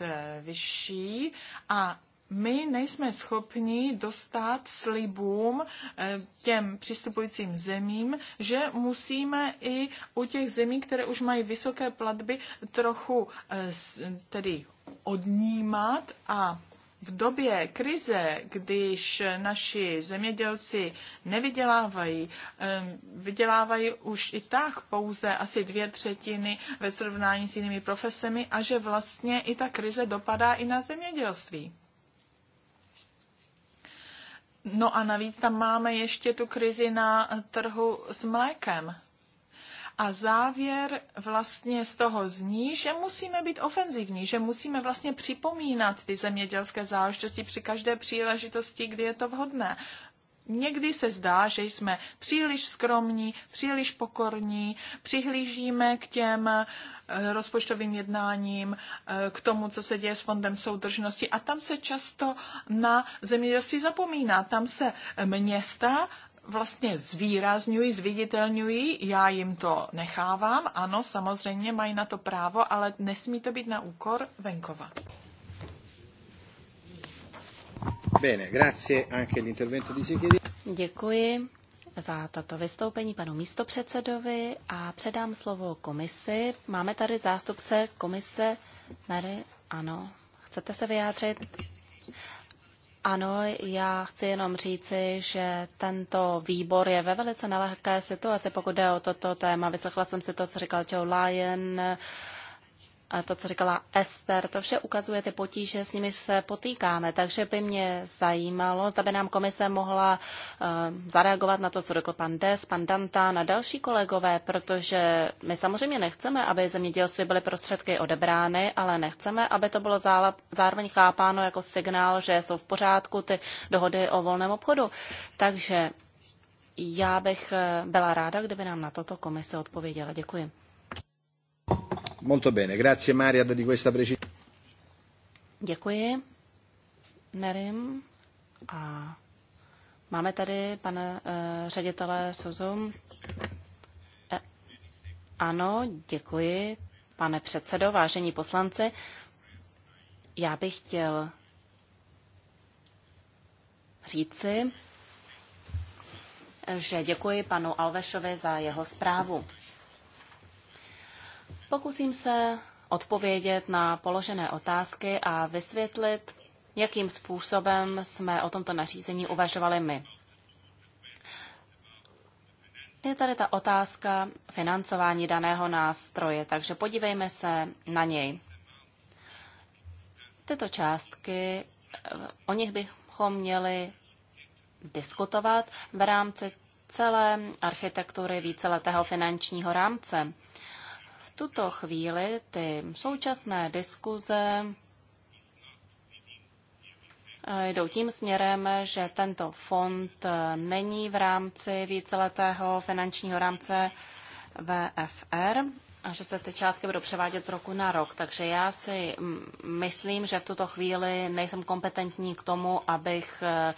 C: eh, vyšší a my nejsme schopni dostat slibům eh, těm přistupujícím zemím, že musíme i u těch zemí, které už mají vysoké platby, trochu eh, tedy odnímat a v době krize, když naši zemědělci nevydělávají, eh, vydělávají už i tak pouze asi dvě třetiny ve srovnání s jinými profesemi a že vlastně i ta krize dopadá i na zemědělství. No a navíc tam máme ještě tu krizi na trhu s mlékem. A závěr vlastně z toho zní, že musíme být ofenzivní, že musíme vlastně připomínat ty zemědělské záležitosti při každé příležitosti, kdy je to vhodné. Někdy se zdá, že jsme příliš skromní, příliš pokorní, přihlížíme k těm eh, rozpočtovým jednáním, eh, k tomu, co se děje s Fondem soudržnosti a tam se často na zemědělství zapomíná. Tam se města vlastně zvýrazňují, zviditelňují, já jim to nechávám, ano, samozřejmě mají na to právo, ale nesmí to být na úkor venkova. Děkuji za
B: tato vystoupení panu místopředsedovi a předám slovo komisi. Máme tady zástupce komise Mary. Ano, chcete se vyjádřit? Ano, já chci jenom říci, že tento výbor je ve velice nelehké situaci, pokud jde o toto téma. Vyslechla jsem si to, co říkal Joe Lyon, to, co říkala Ester, to vše ukazuje ty potíže, s nimi se potýkáme. Takže by mě zajímalo, zda by nám komise mohla eh, zareagovat na to, co řekl pan Des, pan Danta, na další kolegové, protože my samozřejmě nechceme, aby zemědělství byly prostředky odebrány, ale nechceme, aby to bylo zároveň chápáno jako signál, že jsou v pořádku ty dohody o volném obchodu. Takže já bych eh, byla ráda, kdyby nám na toto komise odpověděla. Děkuji.
A: Molto bene, grazie Mariad di questa precisione.
B: Děkuji, Merim. A máme tady pana uh, ředitele Suzum. E, ano, děkuji, pane předsedo, vážení poslanci. Já bych chtěl říci, že děkuji panu Alvešovi za jeho zprávu. Pokusím se odpovědět na položené otázky a vysvětlit, jakým způsobem jsme o tomto nařízení uvažovali my. Je tady ta otázka financování daného nástroje, takže podívejme se na něj. Tyto částky, o nich bychom měli diskutovat v rámci celé architektury víceletého finančního rámce tuto chvíli ty současné diskuze jdou tím směrem, že tento fond není v rámci víceletého finančního rámce VFR a že se ty částky budou převádět z roku na rok. Takže já si mm, myslím, že v tuto chvíli nejsem kompetentní k tomu, abych eh,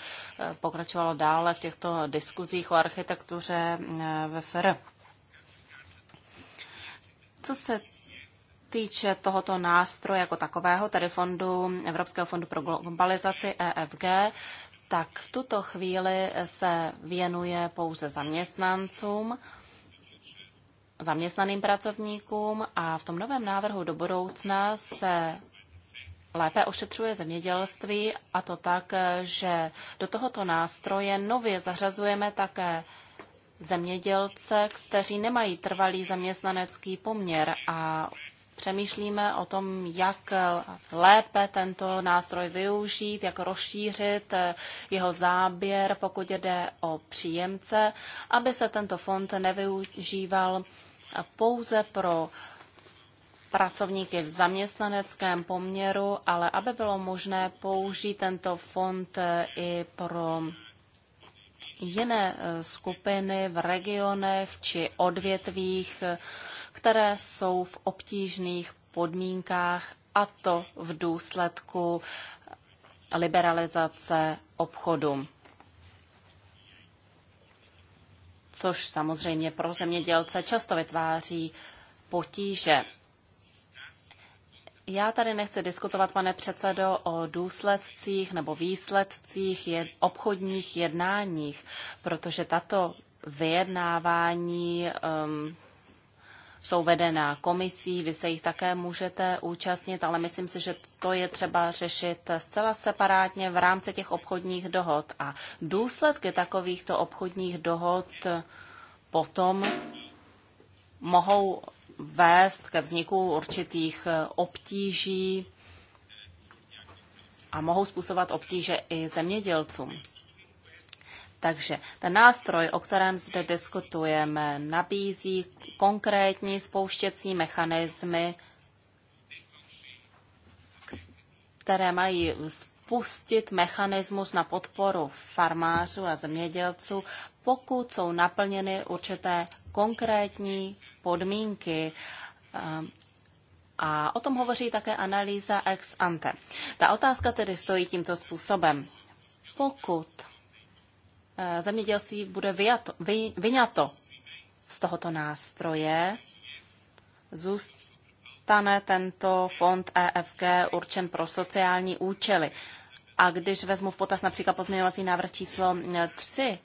B: pokračovala dále v těchto diskuzích o architektuře eh, VFR. Co se týče tohoto nástroje jako takového, tedy fondu, Evropského fondu pro globalizaci EFG, tak v tuto chvíli se věnuje pouze zaměstnancům, zaměstnaným pracovníkům a v tom novém návrhu do budoucna se lépe ošetřuje zemědělství a to tak, že do tohoto nástroje nově zařazujeme také zemědělce, kteří nemají trvalý zaměstnanecký poměr a přemýšlíme o tom, jak lépe tento nástroj využít, jak rozšířit eh, jeho záběr, pokud jde o příjemce, aby se tento fond nevyužíval pouze pro pracovníky v zaměstnaneckém poměru, ale aby bylo možné použít tento fond eh, i pro jiné eh, skupiny v regionech či odvětvích, eh, které jsou v obtížných podmínkách a to v důsledku liberalizace obchodu. Což samozřejmě pro zemědělce často vytváří potíže. Já tady nechci diskutovat, pane předsedo, o důsledcích nebo výsledcích je, obchodních jednáních, protože tato vyjednávání um, jsou vedena komisí, vy se jich také můžete účastnit, ale myslím si, že to je třeba řešit zcela separátně v rámci těch obchodních dohod. A důsledky takovýchto obchodních dohod potom mohou vést ke vzniku určitých eh, obtíží a mohou způsobovat obtíže i zemědělcům. Takže ten nástroj, o kterém zde diskutujeme, nabízí konkrétní spouštěcí mechanismy, které mají spustit mechanismus na podporu farmářů a zemědělců, pokud jsou naplněny určité konkrétní podmínky a o tom hovoří také analýza ex ante. Ta otázka tedy stojí tímto způsobem. Pokud e, zemědělství bude vyjato, vy, vyňato z tohoto nástroje, zůstane tento fond EFG určen pro sociální účely. A když vezmu v potaz například pozměňovací návrh číslo 3,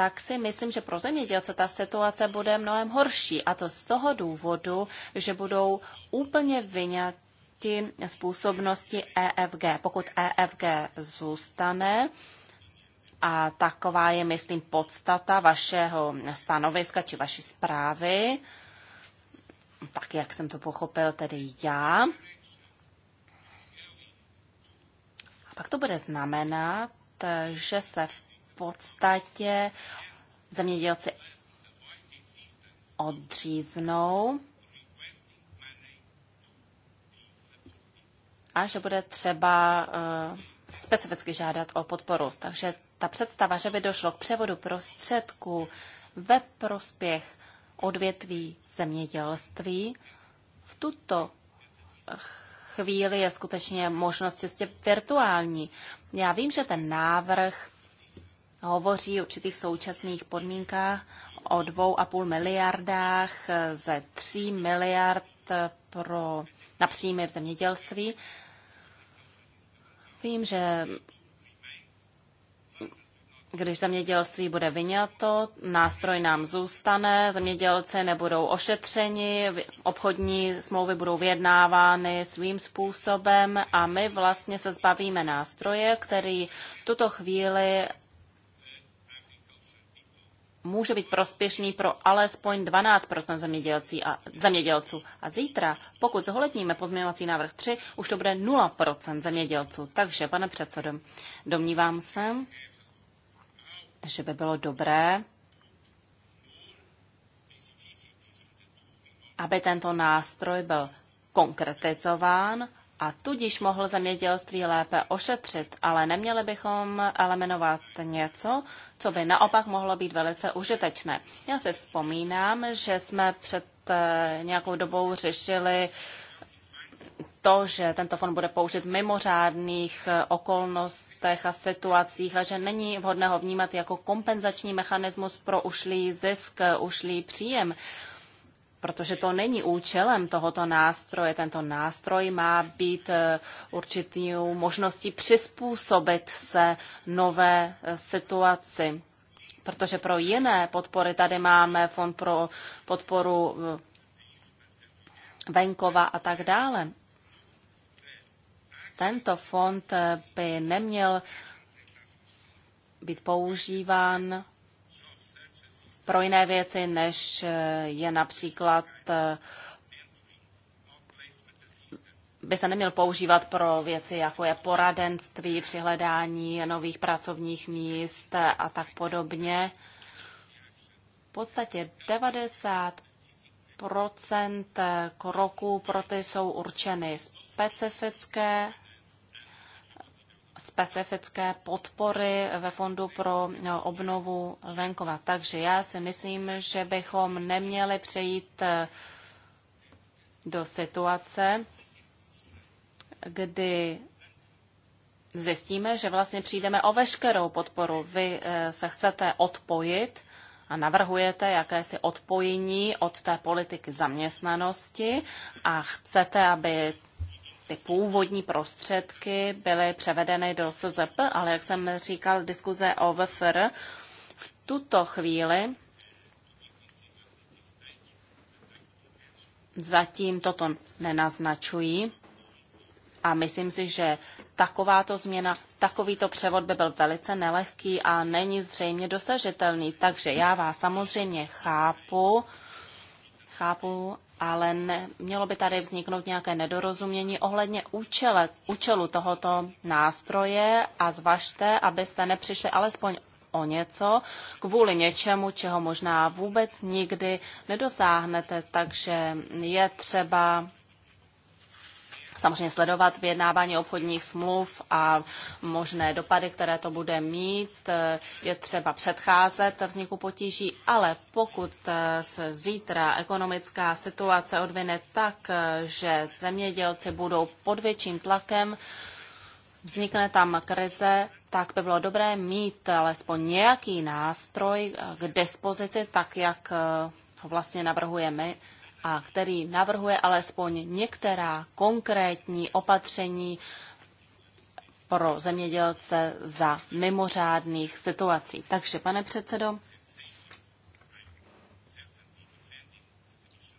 B: tak si myslím, že pro zemědělce ta situace bude mnohem horší. A to z toho důvodu, že budou úplně vyňati způsobnosti EFG. Pokud EFG zůstane, a taková je, myslím, podstata vašeho stanoviska či vaší zprávy, tak jak jsem to pochopil tedy já. A pak to bude znamenat, že se v podstatě zemědělci odříznou a že bude třeba eh, specificky žádat o podporu. Takže ta představa, že by došlo k převodu prostředků ve prospěch odvětví zemědělství, v tuto chvíli je skutečně možnost čistě virtuální. Já vím, že ten návrh hovoří o určitých současných podmínkách o dvou a půl miliardách ze 3 miliard pro, na příjmy v zemědělství. Vím, že když zemědělství bude vyňato, nástroj nám zůstane, zemědělci nebudou ošetřeni, obchodní smlouvy budou vyjednávány svým způsobem a my vlastně se zbavíme nástroje, který v tuto chvíli může být prospěšný pro alespoň 12 zemědělcí a, zemědělců. A zítra, pokud zohledníme pozměňovací návrh 3, už to bude 0 zemědělců. Takže, pane předsedo, domnívám se, že by bylo dobré, aby tento nástroj byl konkretizován a tudíž mohl zemědělství lépe ošetřit, ale neměli bychom eliminovat něco, co by naopak mohlo být velice užitečné. Já se vzpomínám, že jsme před eh, nějakou dobou řešili to, že tento fond bude použit v mimořádných eh, okolnostech a situacích a že není vhodné ho vnímat jako kompenzační mechanismus pro ušlý zisk, eh, ušlý příjem protože to není účelem tohoto nástroje. Tento nástroj má být eh, určitý možností přizpůsobit se nové eh, situaci. Protože pro jiné podpory tady máme fond pro podporu eh, venkova a tak dále. Tento fond by neměl být používán pro jiné věci, než eh, je například eh, by se neměl používat pro věci, jako je poradenství, přihledání nových pracovních míst a tak podobně. V podstatě 90 kroků pro ty jsou určeny specifické specifické podpory ve Fondu pro obnovu venkova. Takže já si myslím, že bychom neměli přejít eh, do situace, kdy zjistíme, že vlastně přijdeme o veškerou podporu. Vy eh, se chcete odpojit a navrhujete jakési odpojení od té politiky zaměstnanosti a chcete, aby ty původní prostředky byly převedeny do SZP, ale jak jsem říkal, diskuze o VFR v tuto chvíli zatím toto nenaznačují. A myslím si, že takováto změna, takovýto převod by byl velice nelehký a není zřejmě dosažitelný. Takže já vás samozřejmě chápu, chápu ale ne, mělo by tady vzniknout nějaké nedorozumění ohledně účele, účelu tohoto nástroje a zvažte, abyste nepřišli alespoň o něco, kvůli něčemu, čeho možná vůbec nikdy nedosáhnete, takže je třeba samozřejmě sledovat vyjednávání obchodních smluv a možné dopady, které to bude mít. Je třeba předcházet vzniku potíží, ale pokud se zítra ekonomická situace odvine tak, že zemědělci budou pod větším tlakem, vznikne tam krize, tak by bylo dobré mít alespoň nějaký nástroj k dispozici, tak jak vlastně navrhujeme a který navrhuje alespoň některá konkrétní opatření pro zemědělce za mimořádných situací. Takže, pane předsedo,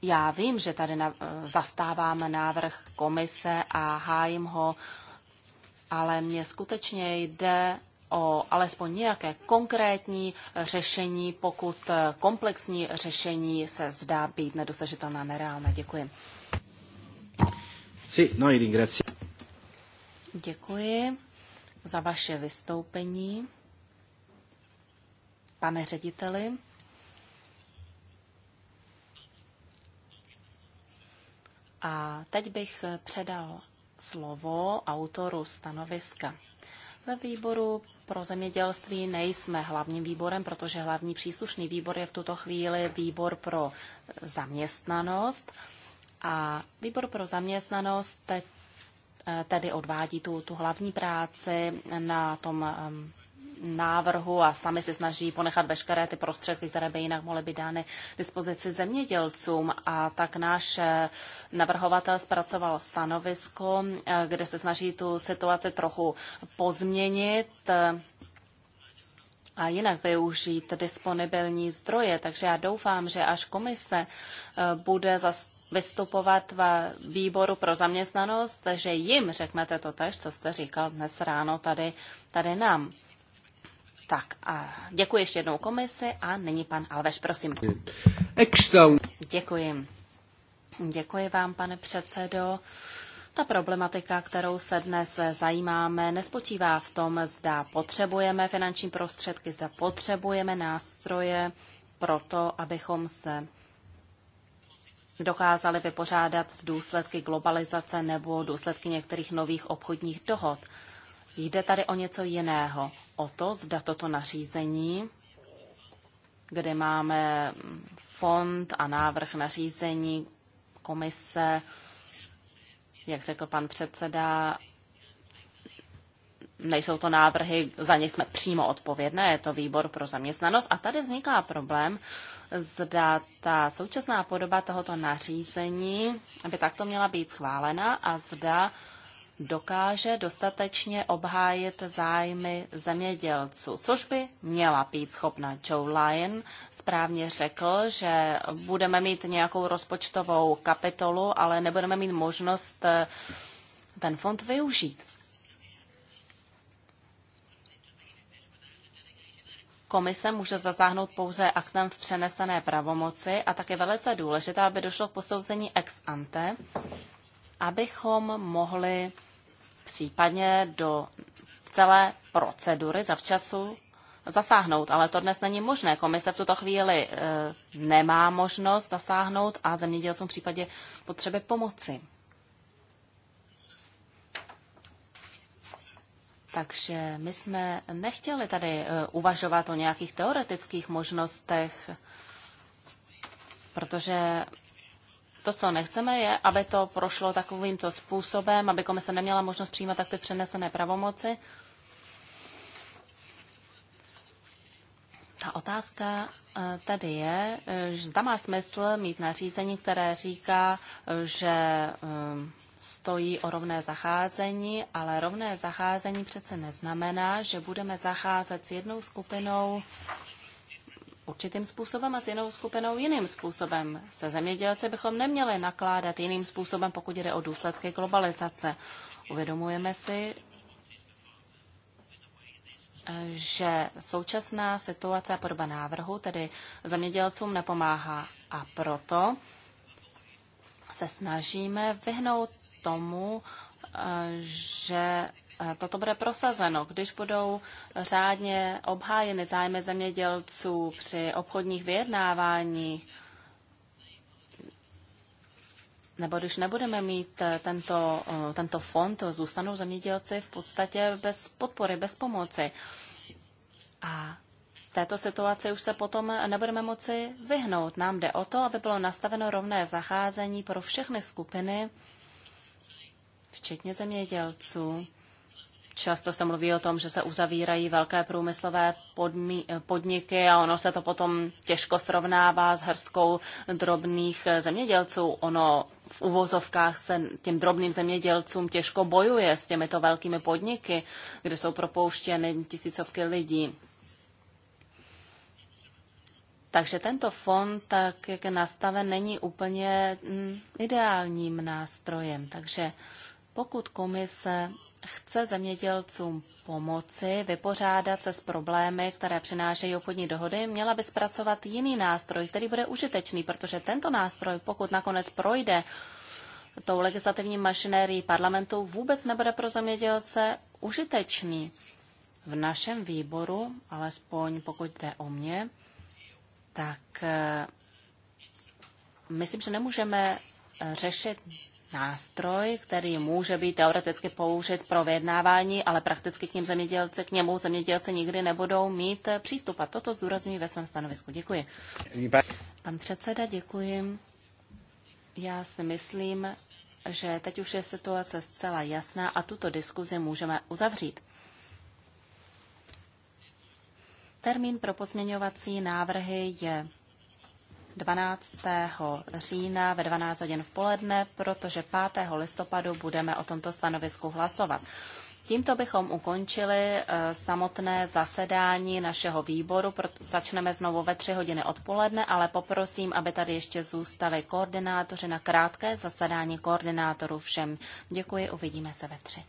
B: já vím, že tady na, zastáváme návrh komise a hájím ho, ale mně skutečně jde o alespoň nějaké konkrétní řešení, pokud komplexní řešení se zdá být nedosažitelná, nereálné. Děkuji. Sí, no, Děkuji za vaše vystoupení, pane řediteli. A teď bych předal slovo autoru stanoviska. Ve výboru pro zemědělství nejsme hlavním výborem, protože hlavní příslušný výbor je v tuto chvíli výbor pro zaměstnanost. A výbor pro zaměstnanost tedy odvádí tu, tu hlavní práci na tom návrhu a sami se snaží ponechat veškeré ty prostředky, které by jinak mohly být dány dispozici zemědělcům. A tak náš eh, navrhovatel zpracoval stanovisko, eh, kde se snaží tu situaci trochu pozměnit eh, a jinak využít disponibilní zdroje. Takže já doufám, že až komise bude zastupovat vystupovat v výboru pro zaměstnanost, že jim řeknete to tež, co jste říkal dnes ráno tady, tady nám. Tak a děkuji ještě jednou komisi a nyní pan Alveš, prosím. Děkuji. Děkuji vám, pane předsedo. Ta problematika, kterou se dnes zajímáme, nespočívá v tom, zda potřebujeme finanční prostředky, zda potřebujeme nástroje pro to, abychom se dokázali vypořádat důsledky globalizace nebo důsledky některých nových obchodních dohod. Jde tady o něco jiného. O to, zda toto nařízení, kde máme fond a návrh nařízení komise, jak řekl pan předseda, nejsou to návrhy, za ně jsme přímo odpovědné, je to výbor pro zaměstnanost. A tady vzniká problém, zda ta současná podoba tohoto nařízení aby takto měla být schválena a zda dokáže dostatečně obhájit zájmy zemědělců, což by měla být schopna. Joe Lyon správně řekl, že budeme mít nějakou rozpočtovou kapitolu, ale nebudeme mít možnost eh, ten fond využít. Komise může zasáhnout pouze aktem v přenesené pravomoci a také velice důležité, aby došlo k posouzení ex ante, abychom mohli případně do celé procedury zavčasu zasáhnout, ale to dnes není možné. Komise v tuto chvíli e, nemá možnost zasáhnout a zemědělcům v případě potřeby pomoci. Takže my jsme nechtěli tady e, uvažovat o nějakých teoretických možnostech, protože to, co nechceme, je, aby to prošlo takovýmto způsobem, aby komise neměla možnost přijímat takto přenesené pravomoci. Ta otázka eh, tady je, eh, zda má smysl mít nařízení, které říká, eh, že stojí o rovné zacházení, ale rovné zacházení přece neznamená, že budeme zacházet s jednou skupinou určitým způsobem a s jinou skupinou jiným způsobem. Se zemědělci bychom neměli nakládat jiným způsobem, pokud jde o důsledky globalizace. Uvědomujeme si, že současná situace a podoba návrhu tedy zemědělcům nepomáhá a proto se snažíme vyhnout tomu, eh, že Eh, toto bude prosazeno, když budou řádně obhájeny zájmy zemědělců při obchodních vyjednáváních, nebo když nebudeme mít eh, tento, eh, tento fond, zůstanou zemědělci v podstatě bez podpory, bez pomoci. A této situaci už se potom nebudeme moci vyhnout. Nám jde o to, aby bylo nastaveno rovné zacházení pro všechny skupiny, včetně zemědělců. Často se mluví o tom, že se uzavírají velké průmyslové podniky a ono se to potom těžko srovnává s hrstkou drobných zemědělců. Ono v uvozovkách se těm drobným zemědělcům těžko bojuje s těmito velkými podniky, kde jsou propouštěny tisícovky lidí. Takže tento fond, tak jak je nastaven, není úplně mm, ideálním nástrojem. Takže pokud komise chce zemědělcům pomoci vypořádat se s problémy, které přinášejí obchodní dohody, měla by zpracovat jiný nástroj, který bude užitečný, protože tento nástroj, pokud nakonec projde tou legislativní mašinérií parlamentu, vůbec nebude pro zemědělce užitečný. V našem výboru, alespoň pokud jde o mě, tak eh, myslím, že nemůžeme eh, řešit nástroj, který může být teoreticky použit pro vyjednávání, ale prakticky k, něm zemědělce, k němu zemědělce nikdy nebudou mít přístup. A toto zdůrazňuji ve svém stanovisku. Děkuji. Pan předseda, děkuji. Já si myslím, že teď už je situace zcela jasná a tuto diskuzi můžeme uzavřít. Termín pro pozměňovací návrhy je 12. října ve 12 hodin v poledne, protože 5. listopadu budeme o tomto stanovisku hlasovat. Tímto bychom ukončili eh, samotné zasedání našeho výboru. Začneme znovu ve tři hodiny odpoledne, ale poprosím, aby tady ještě zůstali koordinátoři na krátké zasedání koordinátorů všem. Děkuji, uvidíme se ve tři.